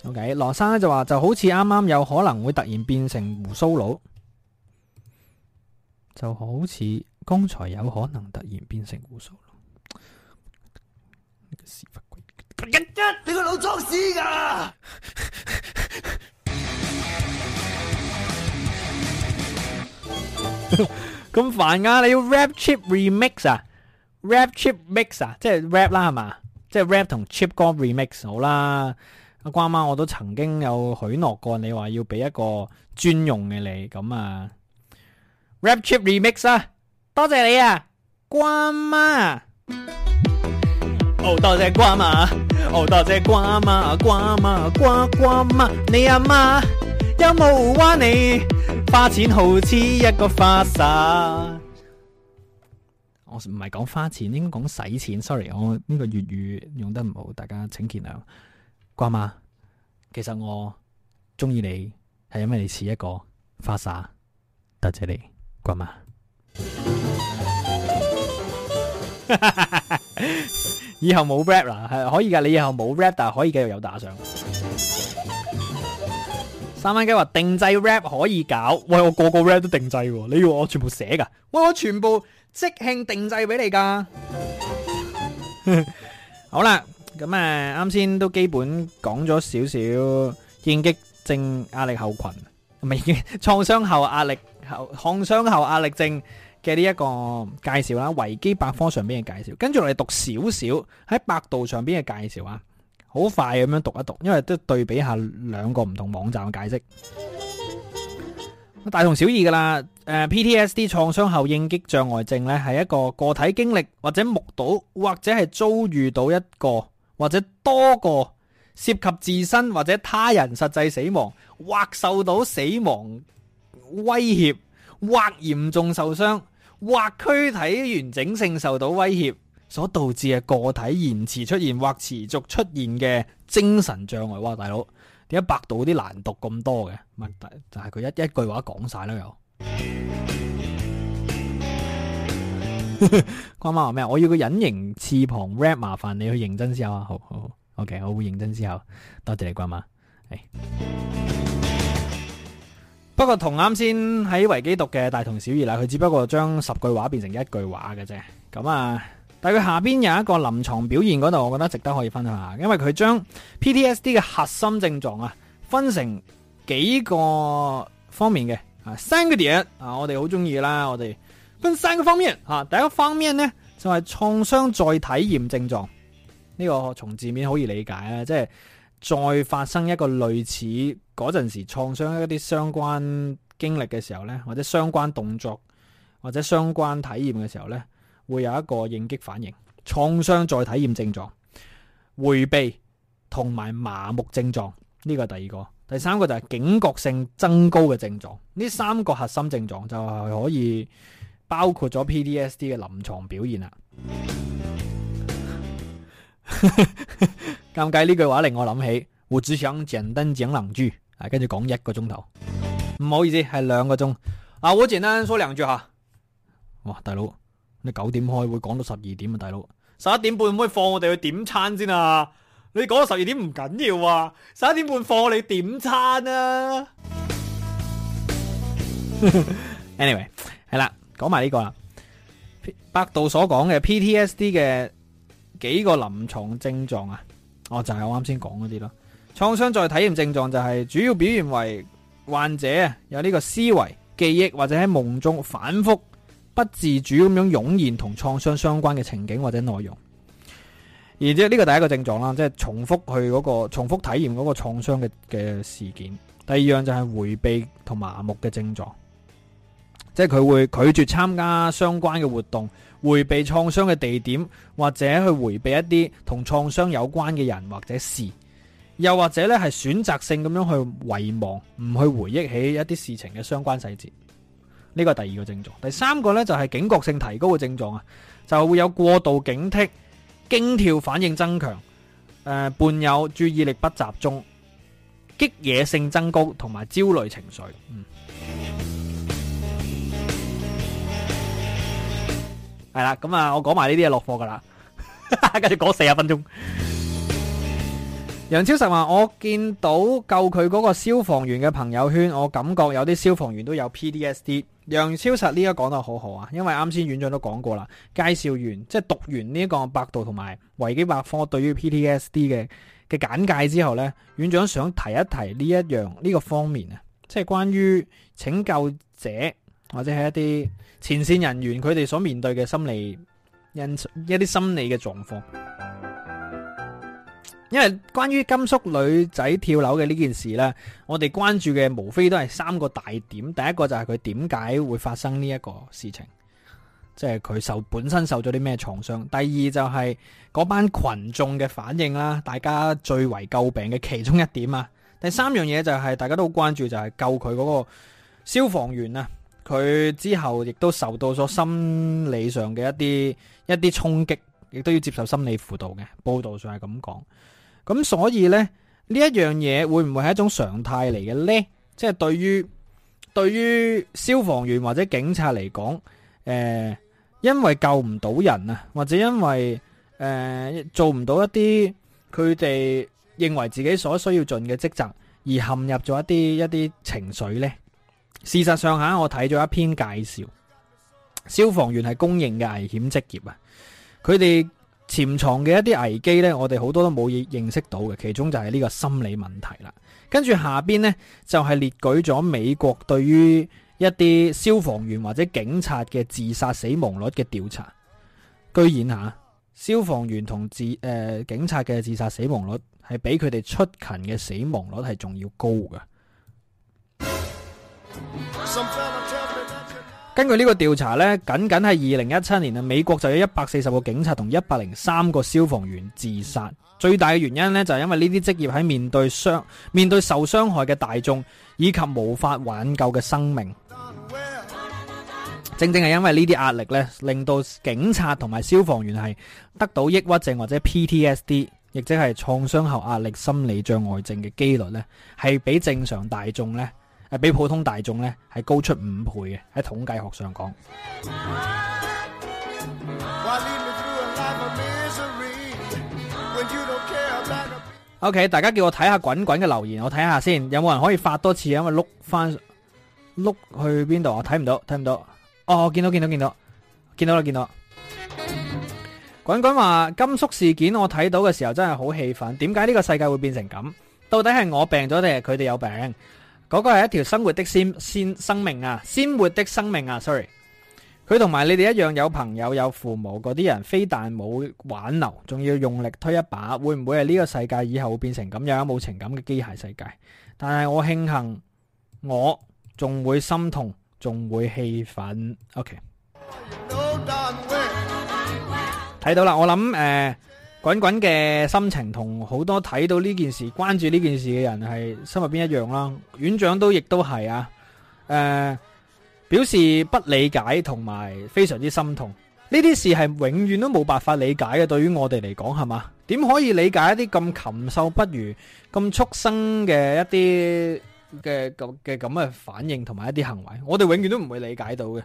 OK，羅生咧就話就好似啱啱有可能會突然變成鬍鬚佬。就好似剛才有可能突然變成負數咯！一，你個老裝屎噶咁煩噶！你要 rap cheap remix 啊？rap cheap mix 啊？即係 rap 啦係嘛？即係 rap 同 cheap 歌 remix 好啦。阿、啊、瓜媽，我都曾經有許諾過你話要俾一個專用嘅你咁啊。Rap Trip Remix 啊，多謝你啊，瓜媽！哦，多謝瓜媽，哦，多謝瓜媽，瓜媽，瓜瓜媽，你阿媽有冇話你花錢好似一個花灑？我唔係講花錢，應該講使錢。Sorry，我呢個粵語用得唔好，大家請見諒。瓜媽，其實我中意你係因為你似一個花灑，多謝你。講嘛，以後冇 rap 啦，係可以噶。你以後冇 rap，但係可以繼續有打賞。三蚊雞話定製 rap 可以搞，喂我個個 rap 都定製，你要我全部寫噶？喂我全部即興定製俾你噶。好啦，咁啊，啱先都基本講咗少少應激症壓力後群，唔係創傷後壓力。創傷後壓力症嘅呢一個介紹啦，維基百科上邊嘅介紹，跟住我哋讀少少喺百度上邊嘅介紹啊，好快咁樣讀一讀，因為都對比下兩個唔同的網站嘅解釋，大同小異噶啦。誒，PTSD 創傷後應激障礙症咧係一個個體經歷或者目睹或者係遭遇到一個或者多個涉及自身或者他人實際死亡或受到死亡威脅或嚴重受傷，或軀體完整性受到威脅所導致嘅個體延遲出現或持續出現嘅精神障礙。哇，大佬點解百度啲難讀咁多嘅？咪但係佢一一句話講晒啦，又。 瓜媽話咩啊？我要個隱形翅膀 rap，麻煩你去認真思考下。好好，好，OK，我會認真思考。多謝你，瓜媽。誒、hey。不過同啱先喺維基讀嘅大同小異啦，佢只不過將十句話變成一句話嘅啫。咁啊，但係佢下邊有一個臨床表現嗰度，我覺得值得可以分享下，因為佢將 PTSD 嘅核心症狀啊，分成幾個方面嘅啊，三個點啊，我哋好中意啦，我哋分三個方面吓，啊。第一個方面呢，就係創傷再體驗症狀，呢個從字面可以理解啊，即係。再發生一個類似嗰陣時創傷一啲相關經歷嘅時候呢，或者相關動作或者相關體驗嘅時候呢，會有一個應激反應，創傷再體驗症狀，回避同埋麻木症狀呢個係第二個，第三個就係警覺性增高嘅症狀，呢三個核心症狀就係可以包括咗 PDSD 嘅臨床表現啦。尷 尬呢句話令我諗起，我只想簡單整龍珠，啊，跟住講一個鐘頭，唔好意思，係兩個鐘。啊，我簡單說兩句吓，哇，大佬，你九點開會講到十二點啊，大佬，十一點半可唔可以放我哋去點餐先啊？你講到十二點唔緊要啊，十一點半放我哋點餐啊。 Anyway，係啦，講埋呢個啦，百度所講嘅 PTSD 嘅。幾個臨床症狀啊？哦，就係我啱先講嗰啲咯。創傷再體驗症狀就係主要表現為患者有呢個思維記憶或者喺夢中反復不自主咁樣湧現同創傷相關嘅情景或者內容。而即呢個第一個症狀啦，即係重復去嗰個重復體驗嗰個創傷嘅嘅事件。第二樣就係回避同麻木嘅症狀。即係佢會拒絕參加相關嘅活動，回避創傷嘅地點，或者去回避一啲同創傷有關嘅人或者事，又或者咧係選擇性咁樣去遺忘，唔去回憶起一啲事情嘅相關細節。呢個係第二個症狀，第三個咧就係警覺性提高嘅症狀啊，就會有過度警惕、驚跳反應增強，誒、呃，伴有注意力不集中、激惹性增高同埋焦慮情緒。嗯。係啦，咁啊，我講埋呢啲嘢落課噶啦，跟住講四十分鐘。楊超實話，我見到救佢嗰個消防員嘅朋友圈，我感覺有啲消防員都有 PTSD。楊超實呢個講得很好好啊，因為啱先院長都講過啦，介紹完即係、就是、讀完呢個百度同埋維基百科對於 PTSD 嘅嘅簡介之後呢，院長想提一提呢一樣呢、這個方面啊，即係關於拯救者或者係一啲。前線人員佢哋所面對嘅心理因一啲心理嘅狀況，因為關於甘肅女仔跳樓嘅呢件事呢，我哋關注嘅無非都係三個大點。第一個就係佢點解會發生呢一個事情，即係佢受本身受咗啲咩創傷。第二就係嗰班群眾嘅反應啦，大家最為詬病嘅其中一點啊。第三樣嘢就係大家都好關注，就係救佢嗰個消防員啊。佢之後亦都受到咗心理上嘅一啲一啲衝擊，亦都要接受心理輔導嘅。報道上係咁講。咁所以呢呢一樣嘢會唔會係一種常態嚟嘅呢？即係對於對於消防員或者警察嚟講，呃，因為救唔到人啊，或者因為誒，呃，做唔到一啲佢哋認為自己所需要盡嘅職責，而陷入咗一啲一啲情緒呢。事實上吓，我睇咗一篇介紹，消防員係公認嘅危險職業啊。佢哋潛藏嘅一啲危機呢，我哋好多都冇認識到嘅。其中就係呢個心理問題啦。跟住下邊呢，就係列舉咗美國對於一啲消防員或者警察嘅自殺死亡率嘅調查。居然吓，消防員同自誒、呃、警察嘅自殺死亡率係比佢哋出勤嘅死亡率係仲要高噶。根據呢個調查呢，僅僅係二零一七年啊，美國就有一百四十個警察同一百零三個消防員自殺。最大嘅原因呢，就係因為呢啲職業喺面對傷、面對受傷害嘅大眾，以及無法挽救嘅生命。正正係因為呢啲壓力呢，令到警察同埋消防員係得到抑鬱症或者 PTSD，亦即係創傷後壓力心理障礙症嘅機率呢，係比正常大眾呢。係比普通大眾咧係高出五倍嘅，喺統計學上講。OK，大家叫我睇下滾滾嘅留言，我睇下先，有冇人可以發多次，因為碌翻，碌去邊度啊？睇唔到，睇唔到。哦，見到見到見到，見到啦，見到。滾滾話甘肅事件，我睇到嘅時候真係好氣憤。點解呢個世界會變成咁？到底係我病咗定係佢哋有病？嗰個係一條生活的鮮鮮生命啊，鮮活的生命啊，sorry，佢同埋你哋一樣有朋友有父母嗰啲人，非但冇挽留，仲要用力推一把，會唔會係呢個世界以後變成咁樣冇情感嘅機械世界？但係我慶幸我仲會心痛，仲會氣憤。OK，睇到啦，我諗誒。滾滾嘅心情同好多睇到呢件事、關注呢件事嘅人係心入邊一樣啦。院長都亦都係啊，誒，表示不理解同埋非常之心痛。呢啲事係永遠都冇辦法理解嘅，對於我哋嚟講係嘛？點可以理解一啲咁禽獸不如、咁畜生嘅一啲嘅咁嘅咁嘅反應同埋一啲行為？我哋永遠都唔會理解到嘅。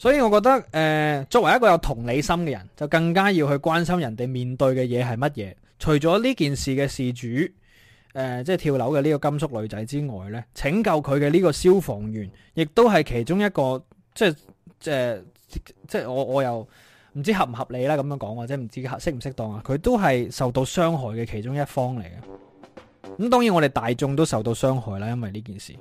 所以，我覺得誒、呃，作為一個有同理心嘅人，就更加要去關心人哋面對嘅嘢係乜嘢。除咗呢件事嘅事主，誒、呃，即係跳樓嘅呢個甘肅女仔之外呢，拯救佢嘅呢個消防員，亦都係其中一個，即係誒、呃，即係我我又唔知，知合唔合理啦，咁樣講或者唔知合適唔適當啊，佢都係受到傷害嘅其中一方嚟嘅。咁、嗯、當然，我哋大眾都受到傷害啦，因為呢件事。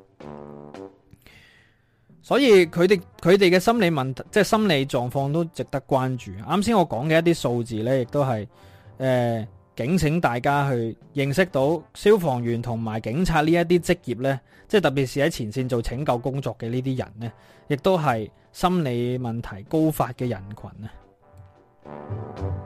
所以佢哋佢哋嘅心理問題，即係心理狀況都值得關注。啱先我講嘅一啲數字呢，亦都係誒、呃、警醒大家去認識到消防員同埋警察呢一啲職業呢，即係特別是喺前線做拯救工作嘅呢啲人呢，亦都係心理問題高發嘅人群啊！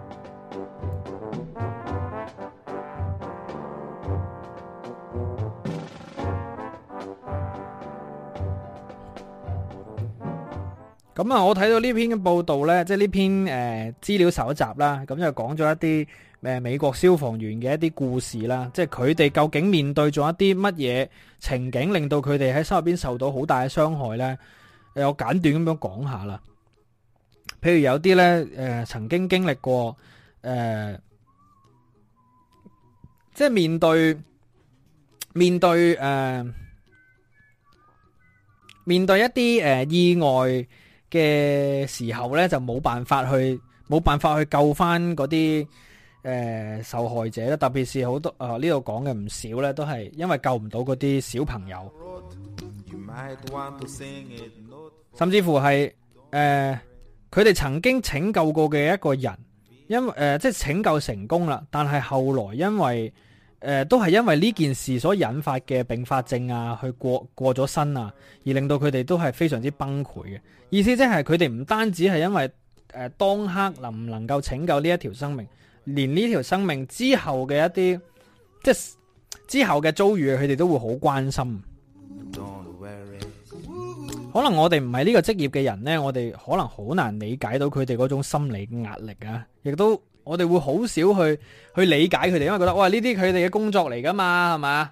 咁啊，我睇到呢篇嘅報道呢，即係呢篇誒資料搜集啦，咁就講咗一啲誒美國消防員嘅一啲故事啦，即係佢哋究竟面對咗一啲乜嘢情景，令到佢哋喺心入邊受到好大嘅傷害呢？誒，我簡短咁樣講下啦。譬如有啲呢，誒曾經經歷過，誒即係面對面對誒面對一啲誒意外。嘅時候呢，就冇辦法去冇辦法去救翻嗰啲誒受害者啦，特別是好多啊，呢度講嘅唔少呢，都係因為救唔到嗰啲小朋友，甚至乎係誒佢哋曾經拯救過嘅一個人，因為誒、呃、即係拯救成功啦，但係後來因為。誒、呃，都係因為呢件事所引發嘅併發症啊，去過過咗身啊，而令到佢哋都係非常之崩潰嘅。意思即係佢哋唔單止係因為誒、呃、當刻能唔能夠拯救呢一條生命，連呢條生命之後嘅一啲，即係之後嘅遭遇，佢哋都會好關心。可能我哋唔係呢個職業嘅人呢，我哋可能好難理解到佢哋嗰種心理壓力啊，亦都。我哋會好少去去理解佢哋，因為覺得哇呢啲佢哋嘅工作嚟噶嘛，係嘛？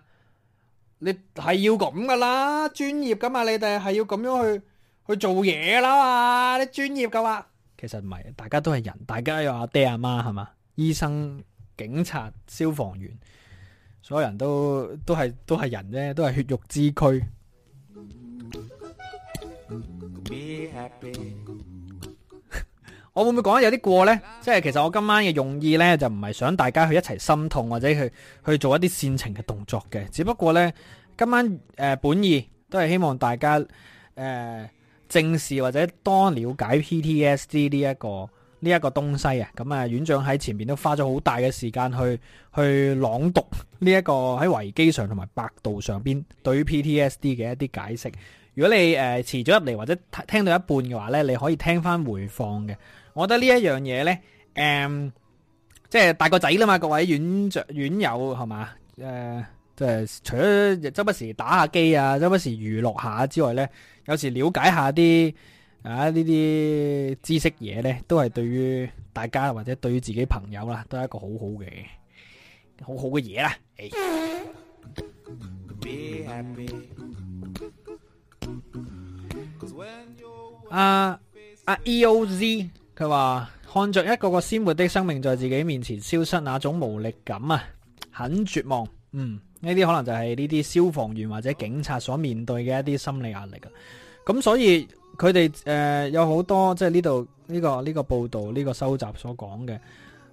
你係要咁噶啦，專業噶嘛？你哋係要咁樣去去做嘢啦嘛？你專業噶話，其實唔係，大家都係人，大家有阿爹阿媽係嘛？醫生、警察、消防員，所有人都都係都係人啫，都係血肉之軀。Be happy. 我會唔會講得有啲過呢？即係其實我今晚嘅用意呢，就唔係想大家去一齊心痛或者去去做一啲煽情嘅動作嘅。只不過呢，今晚誒、呃、本意都係希望大家誒、呃、正視或者多了解 PTSD 呢、呢、一個呢一、呢個東西啊。咁啊，院長喺前面都花咗好大嘅時間去去朗讀呢一個喺維基上同埋百度上邊對於 PTSD 嘅一啲解釋。如果你誒、呃、遲咗入嚟或者聽到一半嘅話呢，你可以聽翻回放嘅。我覺得呢一樣嘢咧，誒，即係大個仔啦嘛，各位遠著遠友院長院友係嘛，誒，即係除咗周不時打下機啊，周不時娛樂下之外咧，有時了解下啲啊呢啲知識嘢咧，都係對於大家或者對於自己朋友啦，都係一個好好嘅好好嘅嘢啦。誒，啊啊 E O Z。佢話看着一個個鮮活的生命在自己面前消失，那種無力感啊，很絕望。嗯，呢啲可能就係呢啲消防員或者警察所面對嘅一啲心理壓力啊。咁所以佢哋誒有好多即係呢度呢個呢個報道呢個收集所講嘅，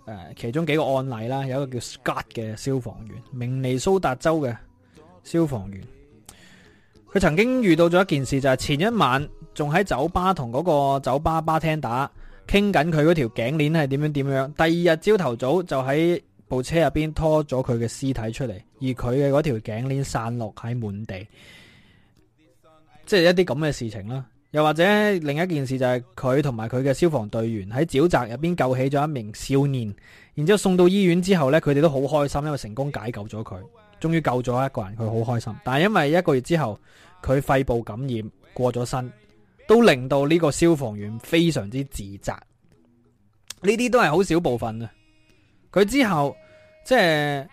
誒其中幾個案例啦，有一個叫 Scott 嘅消防員，明尼蘇達州嘅消防員，佢曾經遇到咗一件事，就係前一晚仲喺酒吧同嗰個酒吧吧廳打。傾緊佢嗰條頸鏈係點樣點樣，第二日朝頭早就喺部車入邊拖咗佢嘅屍體出嚟，而佢嘅嗰條頸鏈散落喺滿地，即係一啲咁嘅事情啦。又或者另一件事就係佢同埋佢嘅消防隊員喺沼澤入邊救起咗一名少年，然之後送到醫院之後呢，佢哋都好開心，因為成功解救咗佢，終於救咗一個人，佢好開心。但係因為一個月之後，佢肺部感染，過咗身。都令到呢個消防員非常之自責，呢啲都係好少部分啊！佢之後即係、就是、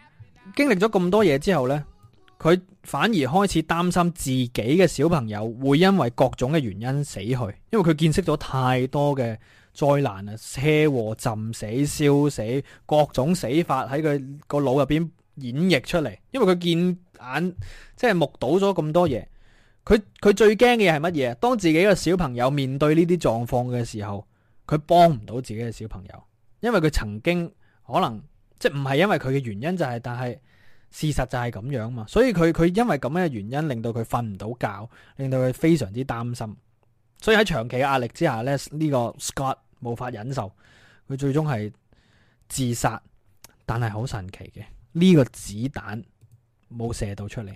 經歷咗咁多嘢之後呢，佢反而開始擔心自己嘅小朋友會因為各種嘅原因死去，因為佢見識咗太多嘅災難啊、車禍、浸死、燒死各種死法喺佢個腦入邊演繹出嚟，因為佢見眼即係、就是、目睹咗咁多嘢。佢佢最驚嘅係乜嘢？當自己個小朋友面對呢啲狀況嘅時候，佢幫唔到自己嘅小朋友，因為佢曾經可能即係唔係因為佢嘅原因就係，但係事實就係咁樣嘛。所以佢佢因為咁樣嘅原因，令到佢瞓唔到覺，令到佢非常之擔心。所以喺長期嘅壓力之下呢，呢個 Scott 冇法忍受，佢最終係自殺。但係好神奇嘅，呢個子彈冇射到出嚟。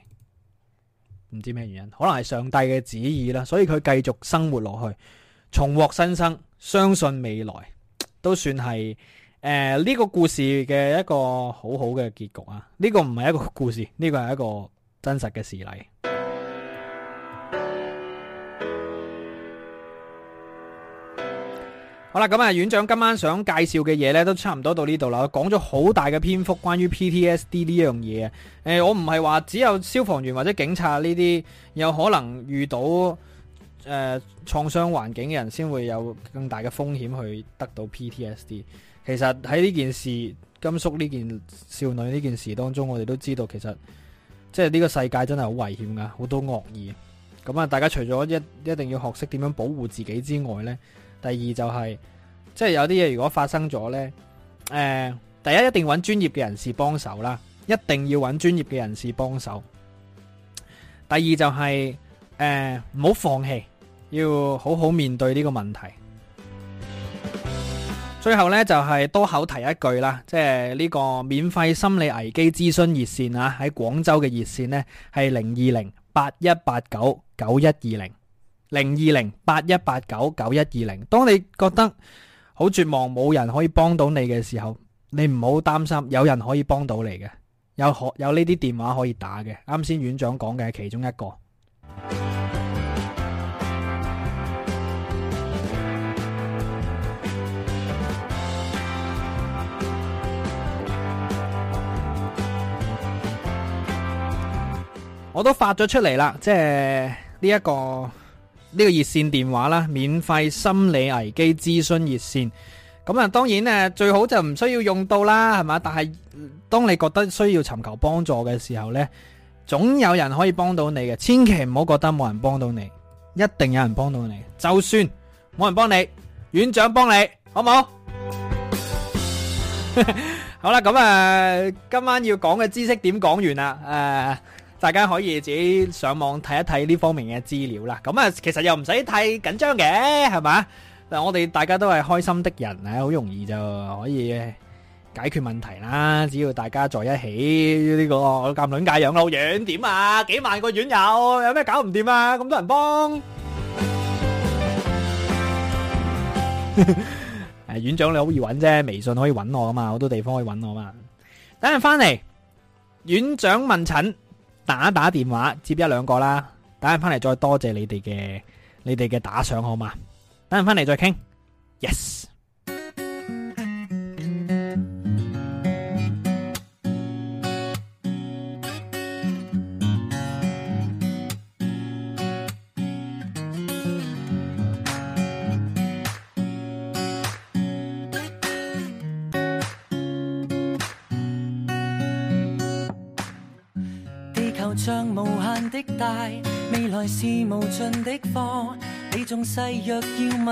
唔知咩原因，可能係上帝嘅旨意啦，所以佢繼續生活落去，重獲新生，相信未來都算係誒呢個故事嘅一個好好嘅結局啊！呢個唔係一個故事，呢個係一個真實嘅事例。好啦，咁啊，院長今晚想介紹嘅嘢呢都差唔多到呢度啦。講咗好大嘅篇幅關於 PTSD 呢樣嘢啊。誒，我唔係話只有消防員或者警察呢啲有可能遇到誒創傷環境嘅人，先會有更大嘅風險去得到 PTSD。其實喺呢件事，甘肅呢件少女呢件事當中，我哋都知道，其實即係呢個世界真係好危險噶，好多惡意。咁啊，大家除咗一一定要學識點樣保護自己之外呢。第二就係，即係有啲嘢，如果發生咗呢，誒，第一一定揾專業嘅人士幫手啦，一定要揾專業嘅人士幫手。第二就係，誒，唔好放棄，要好好面對呢個問題。最後呢，就係多口提一句啦，即係呢個免費心理危機諮詢熱線啊，喺廣州嘅熱線呢，係零二零八一八九九一二零。零二零八一八九九一二零。120，當你覺得好絕望，冇人可以幫到你嘅時候，你唔好擔心，有人可以幫到你嘅。有可有呢啲電話可以打嘅。啱先院長講嘅係其中一個。 我都發咗出嚟啦，即係呢一個。呢個熱線電話啦，免費心理危機諮詢熱線。咁啊，當然誒，最好就唔需要用到啦，係嘛。但係當你覺得需要尋求幫助嘅時候呢，總有人可以幫到你嘅。千祈唔好覺得冇人幫到你，一定有人幫到你。就算冇人幫你，院長幫你，好唔好？好啦，咁啊，今晚要講嘅知識點講完啦，誒。大家可以自己上網睇一睇呢方面嘅資料啦。咁啊，其實又唔使太緊張嘅，係嘛？嗱，我哋大家都係開心的人，係好容易就可以解決問題啦。只要大家在一起，呢個監戀界養老院點啊？幾萬個院友，有咩搞唔掂啊？咁多人幫。誒，院長你好易揾啫，微信可以揾我噶嘛，好多地方可以揾我嘛。等陣翻嚟，院長問診。打打電話接一兩個啦，等陣翻嚟再多謝你哋嘅你哋嘅打賞好嗎？等陣翻嚟再傾，yes。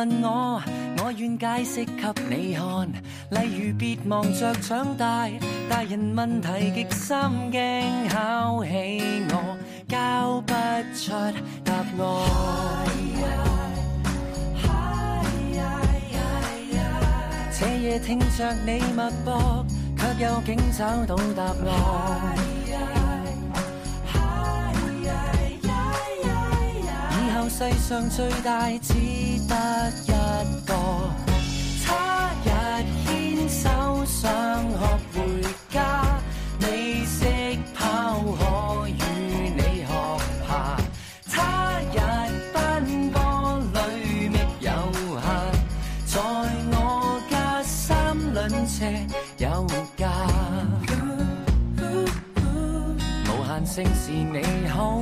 問我，我願解釋給你看。例如別忙着長大，大人問題極心驚，考起我交不出答案。哎哎哎、這夜聽着你脈搏，卻又竟找到答案。哎世上最大只得一個，他日牽手上學回家，未識跑可與你學爬，他日奔波裏覓有限，在我家三輪車有家，無限性是你好。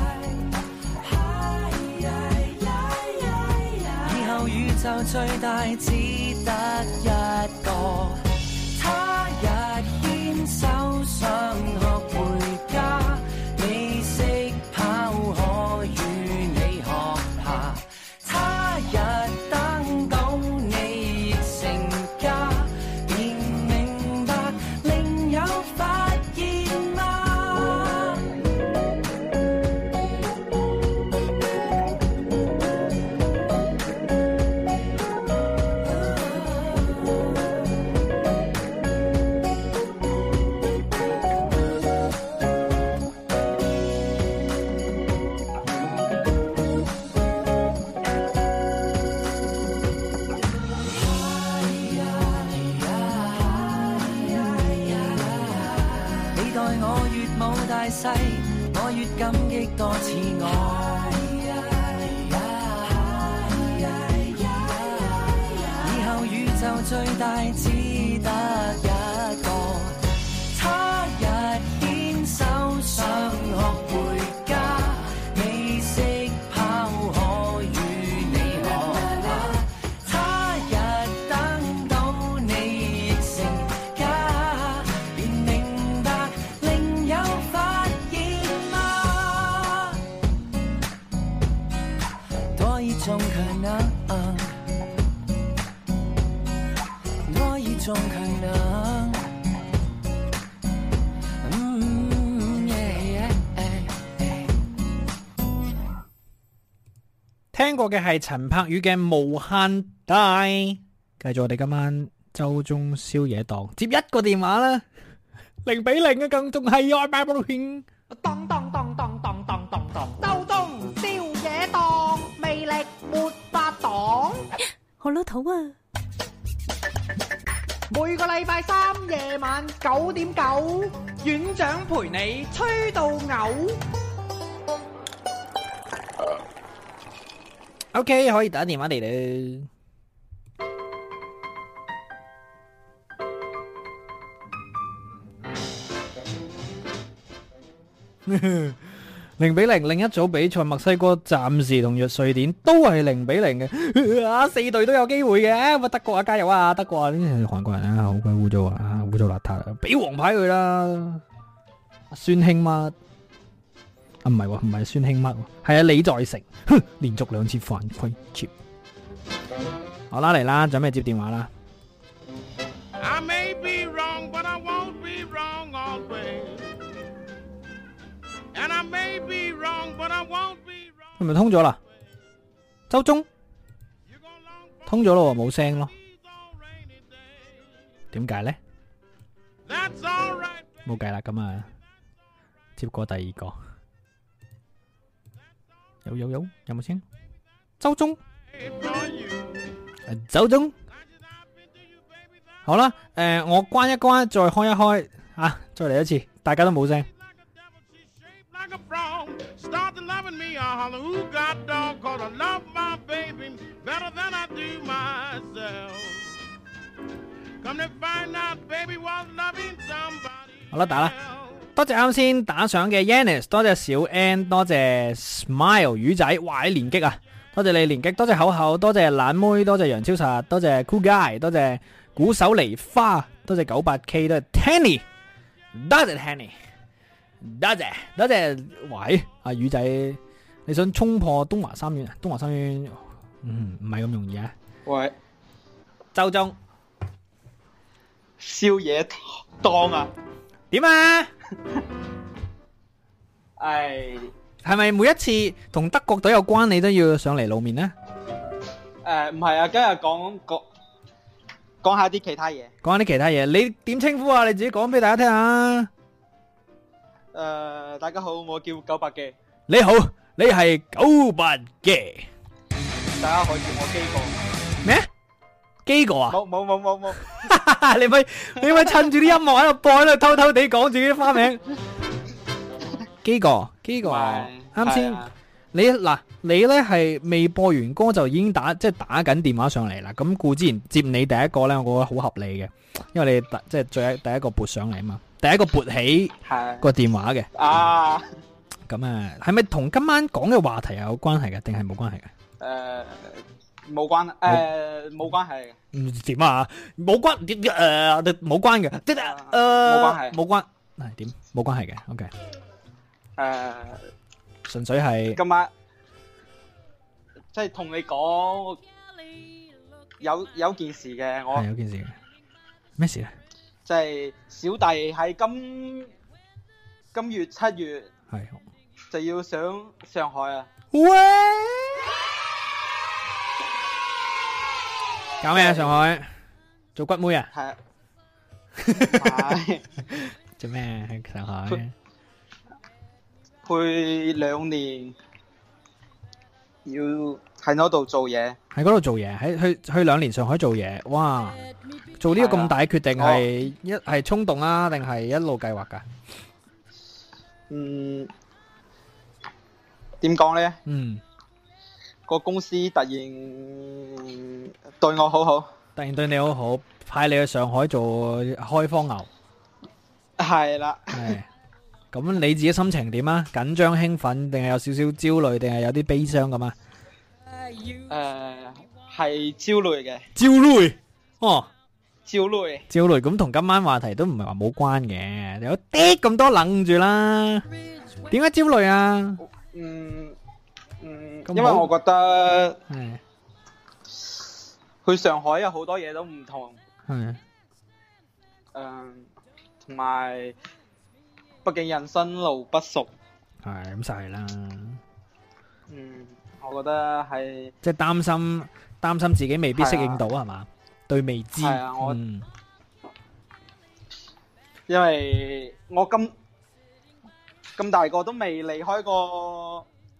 宇宙最大，只得一個，他日牽手。過嘅係陳柏宇嘅無限大，繼續我哋今晚周中宵夜檔，接一個電話啦，零比零嘅更仲係二百蚊。當當當當當當當，周中宵夜檔魅力沒法擋，好老土啊！每個禮拜三夜晚九點九，院長陪你吹到嘔。O K，可以打電話嚟啦。零比零，另一組比賽，墨西哥暫時同約瑞典都係零比零嘅，啊四隊都有機會嘅。乜德國啊，加油啊，德國啊，啲韓國人啊，好鬼污糟啊，污糟邋遢啊，俾黃牌佢啦，孫興慜？啊，唔係，唔係孫興乜，係啊李在成，哼，連續兩次犯規接。好啦，嚟啦，準備接電話啦。係咪通咗啦？周中通咗咯，冇聲咯。點解咧？冇計啦，咁啊，接過第二個。有有有有冇清？周中，誒，周中，好啦，誒，我關一關，再開一開，啊，再嚟一次，大家都冇聲。好了，打了。多謝啱先打賞嘅 Yannis，多謝小 N，多謝 Smile 魚仔，哇！連擊啊！多謝你連擊，多謝口口，多謝懶妹，多謝楊超實，多謝 Cool Guy，多謝古手梨花，多謝九八 K，多謝 Tanny，多謝 Tanny，多謝多謝，喂，阿魚仔，你想衝破東華三院？東華三院，嗯，唔係咁容易啊。喂，周中宵夜檔啊？點啊？係係咪每一次同德國隊有關，你都要上嚟露面呢？誒，唔係啊，今日講講講下啲其他嘢，講下啲其他嘢。你點稱呼啊？你自己講俾大家聽下。誒，大家好，我叫九百嘅。你好，你係九百嘅。大家可以叫我機哥咩？基哥啊？冇冇冇冇冇！你咪你咪趁住啲音樂喺度播喺度， 偷偷地講住啲花名。基哥？ 基哥？啱先、嗯啊，你嗱你咧係未播完歌就已經打即係打緊電話上嚟啦。咁故之然接你第一個咧，我覺得好合理嘅，因為你即係最第一個撥上嚟啊嘛，第一個撥起個電話嘅啊。咁、嗯、啊，係咪同今晚講嘅話題有關係嘅，定係冇關係嘅？誒、呃。冇關啦，誒，冇關係嘅。唔點啊？冇關點？誒，冇關嘅。誒，冇關係，冇關。係點？冇關係嘅。OK。誒，純粹係。今晚即係同你講有有件事嘅，我係有件事嘅。咩事咧？就係小弟喺今今月七月係就要上上海啊。喂！搞咩啊？上海做骨妹啊？係做咩啊？喺上海去兩年，要喺嗰度做嘢。喺嗰度做嘢，喺去去兩年上海做嘢。哇！做呢個咁大決定係一係衝動啊，定係一路計劃㗎？嗯，點講咧？嗯。個公司突然對我好好，突然對你好好，派你去上海做開荒牛，係啦。係咁，你自己心情點啊？緊張、興奮，定係有少少焦慮，定係有啲悲傷咁啊？誒，係焦慮嘅焦慮哦，焦慮焦慮咁，同今晚話題都唔係話冇關嘅，有啲咁多諗住啦。點解焦慮啊？嗯。因為我覺得去上海有好多嘢都唔同，誒，同埋畢竟人生路不熟，係咁就係喇。嗯，我覺得係即係擔心擔心自己未必適應到係咪，對未知。係啊，我因為我咁咁大個都未離開過。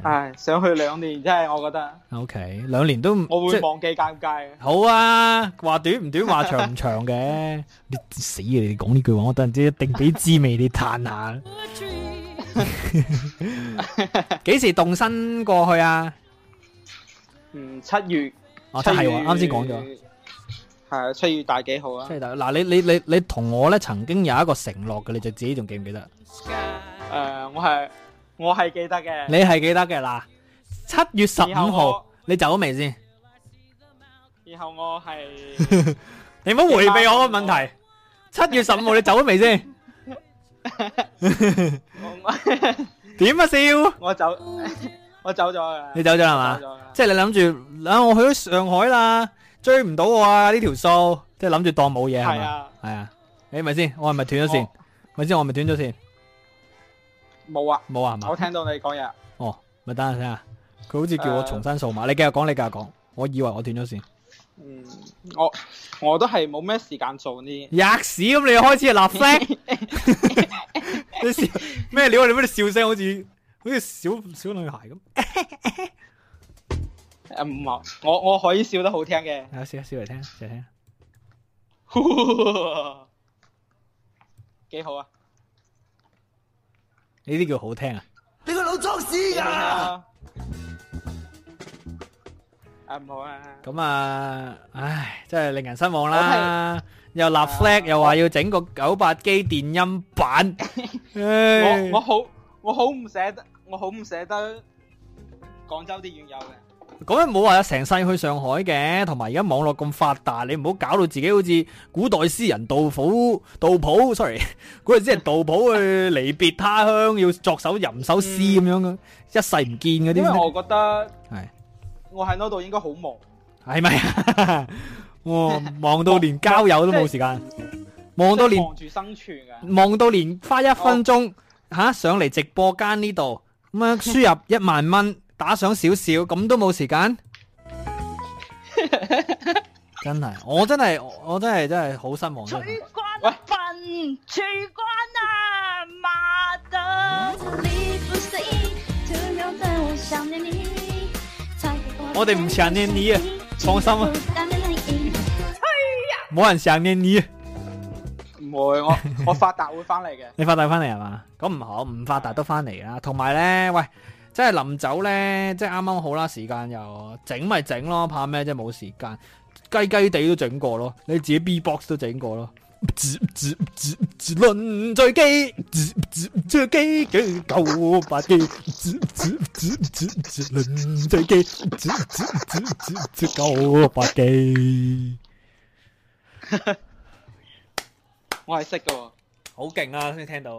係想、哎、去兩年，真係我覺得。O K，兩年都我會忘記尷尬。好啊，話短唔短，話長唔長嘅。 你死啊！你講呢句話，我突然之間一定俾滋味你嘆下。幾 時動身過去啊？嗯，七月。哦、啊，七月係啱先講咗。係、啊啊、七月大幾號啊？七月大嗱，你你你你同我咧曾經有一個承諾嘅，你就自己仲記唔記得？誒、呃，我係。我係記得嘅，你係記得嘅嗱，七月十五號你走咗未先？然後我係，你唔好回避我個問題。七月十五號你走咗未先？點啊笑？我走，我走咗嘅。你走咗係嘛？即係你諗住，啊我去咗上海啦，追唔到我啊呢條數，即係諗住當冇嘢係嘛？係啊，誒，你係咪先，我係咪斷咗線？咪先，我係咪斷咗線？冇啊，冇啊，嗎我聽到你講嘢。哦，咪等陣先啊，佢好似叫我重新掃碼，你繼續講，你繼續講，我以為我斷咗線。嗯，我我都係冇咩時間做呢。吔屎！咁你又開始立聲。咩 料、啊？你乜嘢笑聲？好似好似小小女孩咁。啊 冇、嗯，我我可以笑得好聽嘅。啊，笑啊，笑嚟聽，笑嚟聽。哇， 幾好啊！呢啲叫好聽啊！你個老作屎噶，啊唔好啦、啊。咁啊，唉，真係令人失望啦。是又立 flag，又話要整個九八機電音版 唉。我好我好我好唔捨得，我好唔捨得廣州啲院友嘅。咁樣冇話成世去上海嘅，同埋而家網絡咁發達，你唔好搞到自己好似古代詩人杜甫、杜甫，sorry，古代詩人杜甫去離別他鄉， 要作首吟首詩咁樣嘅，嗯、一世唔見嗰啲。因為我覺得，係是我喺嗰度應該好忙，係咪啊？我 忙到連交友都冇時間， 就是、忙到連，忙住生存忙到連花一分鐘吓、哦啊、上嚟直播間呢度，咁樣輸入一萬蚊。 打上少少，咁都冇時間， 真係，我真係，我真係真係好失望的。我哋唔想念你啊，創新啊，冇人想念你，唔會，我我發達會翻嚟嘅。 你發達翻嚟係嘛？咁唔好，唔發達都翻嚟啦。同埋咧，喂。即係臨走咧，即係啱啱好啦，時間又整咪整咯，怕咩啫？即係冇時間，雞雞地都整過咯，你自己 B box 都整過咯。自自自自輪戰機，自自戰機嘅九八機，自自自自自輪戰機，自自自自自九八機。我係識㗎，好勁啊！先聽到。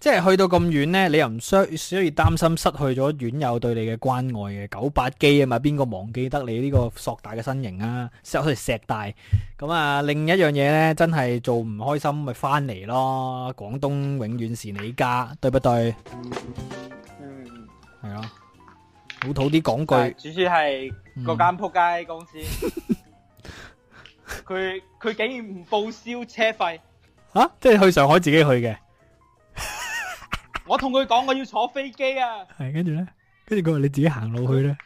即係去到咁遠咧，你又唔需所以擔心失去咗院友對你嘅關愛嘅九八機啊嘛，邊個忘記得你呢個碩大嘅身形啊，好似石大咁啊！另一樣嘢咧，真係做唔開心咪翻嚟咯，廣東永遠是你家，對不對？嗯，係咯，老土啲講句，主要係嗰間撲街公司，佢佢竟然唔報銷車費，吓，即係去上海自己去嘅。我同佢講我要坐飛機啊，係跟住咧，跟住佢話你自己行路去啦。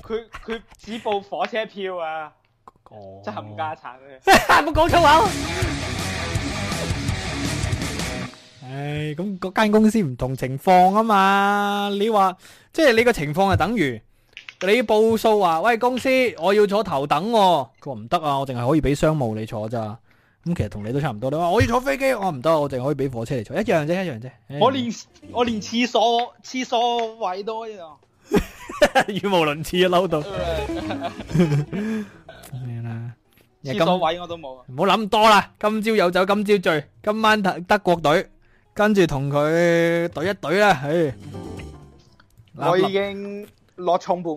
佢佢只報火車票啊，真係冚家鏟啊！冇講粗口。唉，咁嗰間公司唔同情況啊嘛，你話即係你個情況係等於你報數話喂公司，我要坐頭等，佢話唔得啊，我淨係可以俾商務你坐咋。咁其實同你都差唔多啦。你話，我要坐飛機，我唔得，我淨係可以俾火車嚟坐，一樣啫，一樣啫。我連我連廁所廁所位都一樣，語無倫次啊，嬲到咩啦？咁多位我都冇。唔好諗多啦，今朝有酒今朝醉，今晚德德國隊跟住同佢懟一懟啦。唉，我已經落重盤。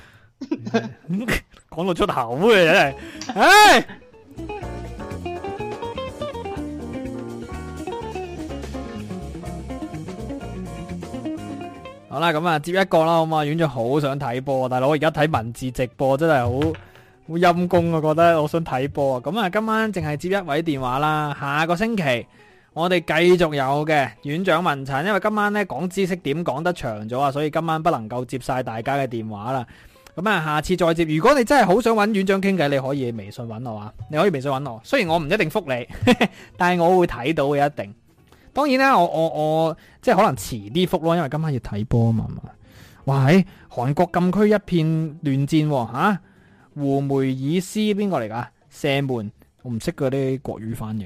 講到 出口嘅真係，好啦，咁啊接一個啦，好嘛？院長好想睇波，大佬我而家睇文字直播真係好陰功啊！覺得我想睇波啊！咁、嗯、啊，今晚淨係接一位電話啦。下個星期我哋繼續有嘅院長問診，因為今晚呢講知識點講得長咗啊，所以今晚不能夠接晒大家嘅電話啦。咁啊，下次再接。如果你真係好想揾院長傾偈，你可以微信揾我啊！你可以微信揾我，雖然我唔一定覆你， 但係我會睇到嘅一定。當然啦，我我我即係可能遲啲覆咯，因為今晚要睇波啊嘛嘛。喂，欸、韓國禁區一片亂戰吓，胡梅爾斯邊個嚟噶？射門，我唔識嗰啲國語翻譯。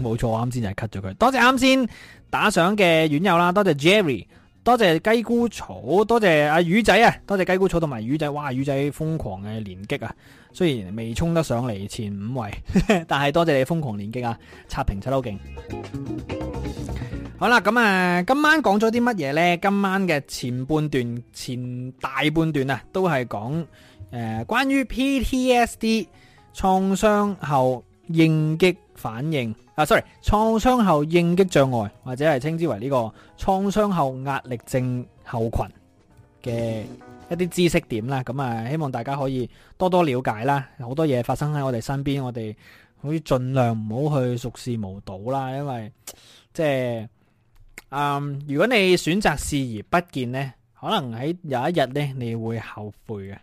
冇 錯，啱先就係 cut 咗佢。多謝啱先打賞嘅院友啦，多謝 Jerry。多謝雞菇草，多謝阿、啊、魚仔啊！多謝雞菇草同埋魚仔，哇！魚仔瘋狂嘅連擊啊！雖然未衝得上嚟前五位， 但係多謝你瘋狂連擊啊！刷屏刷到勁。 好啦，咁啊，今晚講咗啲乜嘢呢？今晚嘅前半段、前大半段啊，都係講誒關於 PTSD 創傷後應激反應。啊，sorry，創傷後應激障礙，或者係稱之為呢個創傷後壓力症候群嘅一啲知識點啦。咁啊，希望大家可以多多了解啦。好多嘢發生喺我哋身邊，我哋可以盡量唔好去熟視無睹啦。因為即係，嗯，如果你選擇視而不見呢，可能喺有一日呢，你會後悔嘅。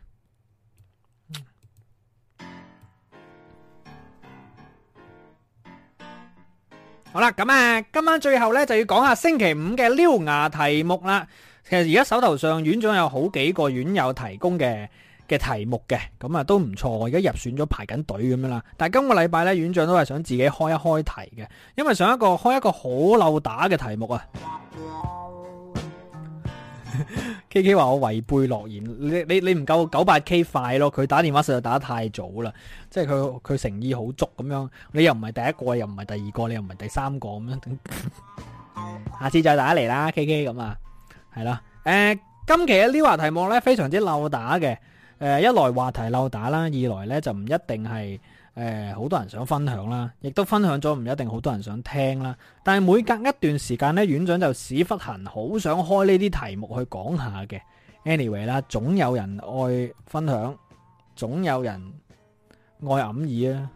好啦，咁啊，今晚最後咧就要講下星期五嘅撩牙題目啦。其實而家手頭上院長有好幾個院友提供嘅嘅題目嘅，咁啊都唔錯。我而家入選咗排緊隊咁樣啦。但係今個禮拜咧，院長都係想自己開一開題嘅，因為上一個開一個好漏打嘅題目啊。 K K 話我違背諾言，你你你唔夠九八 K 快咯，佢打電話實在打得太早啦，即係佢佢誠意好足咁樣，你又唔係第一個，又唔係第二個，你又唔係第三個咁樣， 下次再打嚟啦，K K 咁啊，係啦，誒、呃，今期呢話題目呢非常之漏打嘅，誒、呃，一來話題漏打啦，二來呢就唔一定係。誒，好多人想分享啦，亦都分享咗，唔一定好多人想聽啦。但係每隔一段時間呢，院長就屎忽痕，好想開呢啲題目去講下嘅。Anyway 啦，總有人愛分享，總有人愛暗耳啊。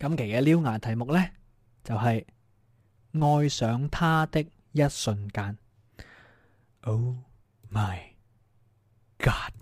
今期嘅撩牙題目呢，就係愛上他的一瞬間。Oh my God！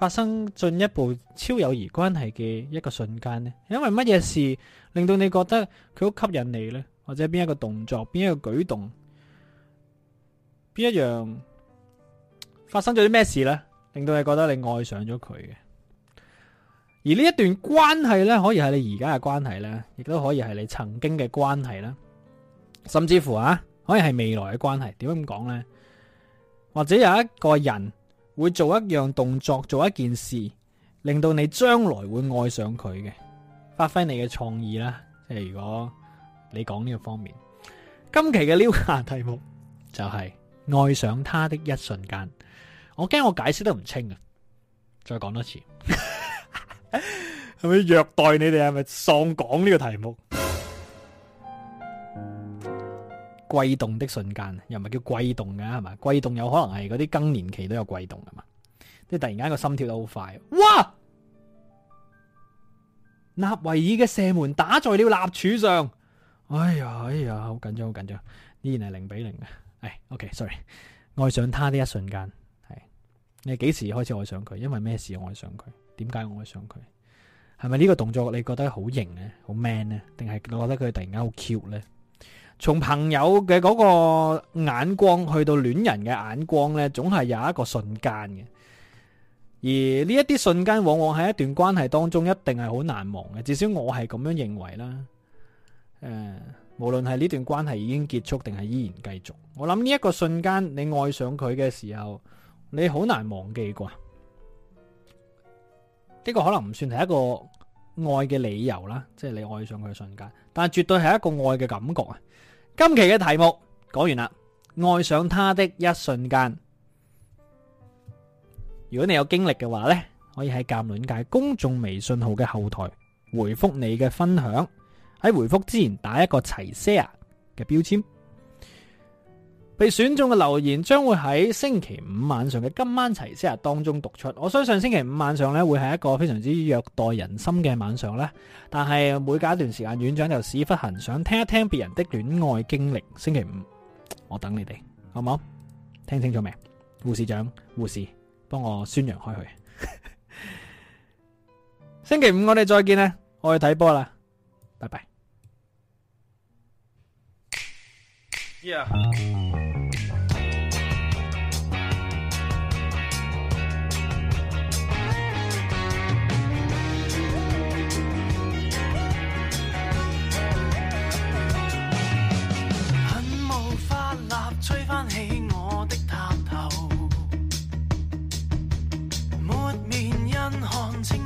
發生進一步超友誼關係嘅一個瞬間呢，因為乜嘢事令到你覺得佢好吸引你呢？或者邊一個動作，邊一個舉動，邊一樣發生咗啲咩事呢？令到你覺得你愛上咗佢嘅？而呢一段關係呢，可以係你而家嘅關係呢，亦都可以係你曾經嘅關係啦，甚至乎啊，可以係未來嘅關係。點樣講呢？或者有一個人。會做一樣動作，做一件事，令到你將來會愛上佢嘅，發揮你嘅創意啦。即係如果你講呢個方面，今期嘅撩下題目就係愛上他的一瞬間。我驚我解釋得唔清啊！再講多次，係咪 虐待你哋？係咪喪講呢個題目？悸動的瞬間，又唔係叫悸動噶係嘛？悸動有可能係嗰啲更年期都有悸動噶嘛？即係突然間個心跳得好快，哇！納維爾嘅射門打在了立柱上，哎呀哎呀，好緊張好緊張，依然係零比零呀。哎，OK，sorry，okay, 愛上他的一瞬間，係你幾時開始愛上佢？因為咩事我愛上佢？點解愛上佢？係咪呢個動作你覺得好型呢？好 man 呢？定係你覺得佢突然間好 cute 呢？從朋友嘅嗰個眼光去到戀人嘅眼光呢，總係有一個瞬間嘅。而呢一啲瞬間，往往喺一段關係當中一定係好難忘嘅。至少我係咁樣認為啦。誒、呃，無論係呢段關係已經結束定係依然繼續，我諗呢一個瞬間，你愛上佢嘅時候，你好難忘記啩。呢、呢個可能唔算係一個愛嘅理由啦，即係你愛上佢嘅瞬間，但係絕對係一個愛嘅感覺啊！今期嘅題目講完啦，愛上他的一瞬間。如果你有經歷嘅話呢，可以喺鑑論界公眾微信號嘅後台回復你嘅分享，喺回復之前打一個齊 share 嘅標籤。被選中嘅留言將會喺星期五晚上嘅今晚齊聲日當中讀出。我相信星期五晚上咧會係一個非常之虐待人心嘅晚上，但係每隔一段時間，院長就屎忽痕，想聽一聽別人的戀愛經歷。星期五我等你哋，好唔好？聽清楚未？護士長，護士幫我宣揚開去。 星期五我哋再見啦！我去睇波啦，拜拜。Yeah。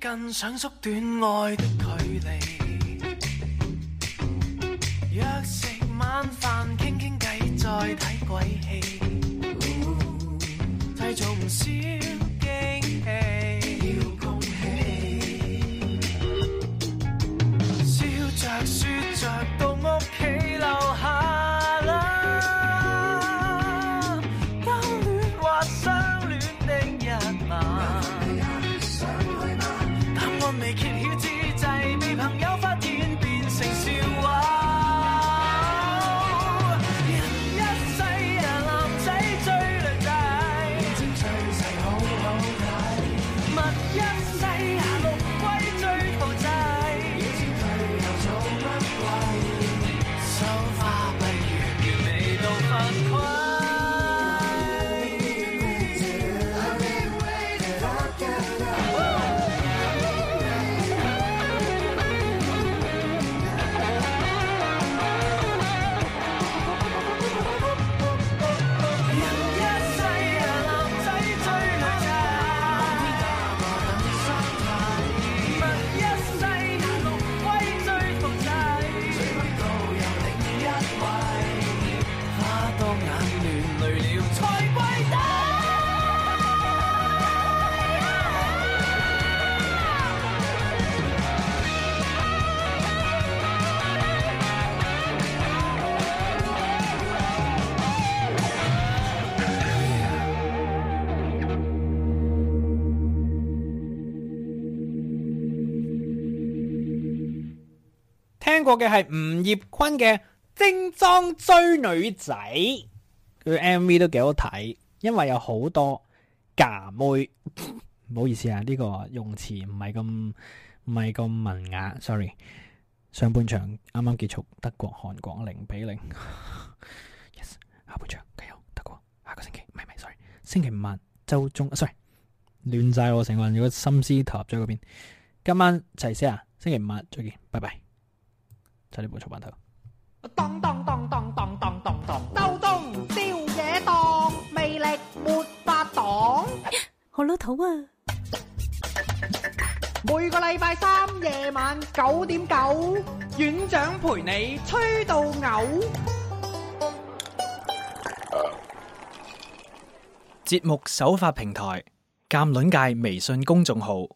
更想縮短愛的距離。約食晚飯傾傾偈，再睇鬼戲，製造唔少驚喜。要恭喜，喜笑着說着到屋企樓下。個嘅係吳業坤嘅精裝追女仔，佢 M V 都幾好睇，因為有好多假妹。唔好意思啊，呢、這個用詞唔係咁唔係咁文雅。Sorry，上半場啱啱結束，德國、韓國零比零。Yes，下半場加油，德國。下個星期唔係唔係，sorry，星期五晚周中 s o r r y 亂晒我成個人，如果心思投入咗嗰邊。今晚齊聲啊，星期五晚再見，拜拜。差啲冇捉翻佢。咚咚咚咚咚咚咚咚，兜東宵夜檔，魅力沒法擋。好老土啊！每個禮拜三夜晚九點九，院長陪你吹到嘔。節目首發平台：鑒論界微信公眾號。